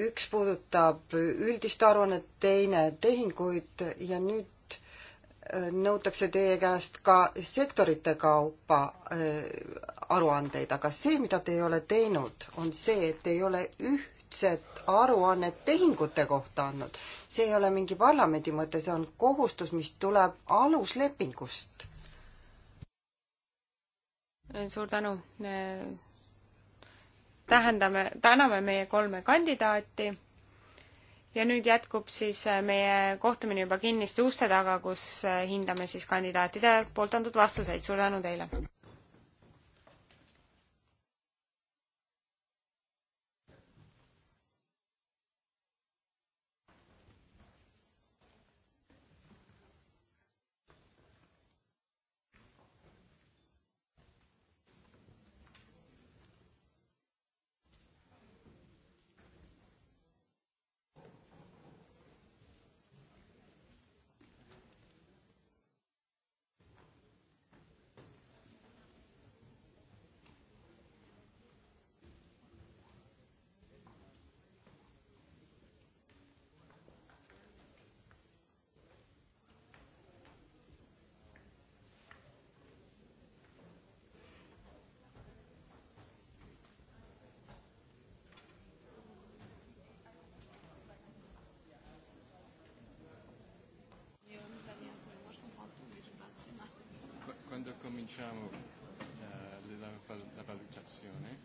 üks puudutab üldist aruannet, teine tehinguid ja nüüd äh, nõutakse teie käest ka sektorite kaupa äh, aruandeid, aga see, mida te ei ole teinud, on see, et ei ole ühtset aruannet tehingute kohta andnud. see ei ole mingi parlamendi mõte, see on kohustus, mis tuleb aluslepingust. suur tänu äh, tähendame, täname meie kolme kandidaati ja nüüd jätkub siis äh, meie kohtumine juba kinniste uste taga, kus äh, hindame siis kandidaatide poolt antud vastuseid. suur tänu teile!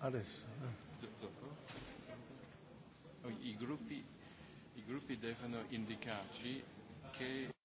Adesso. Eh. Oh, I gruppi, I gruppi devono indicarci che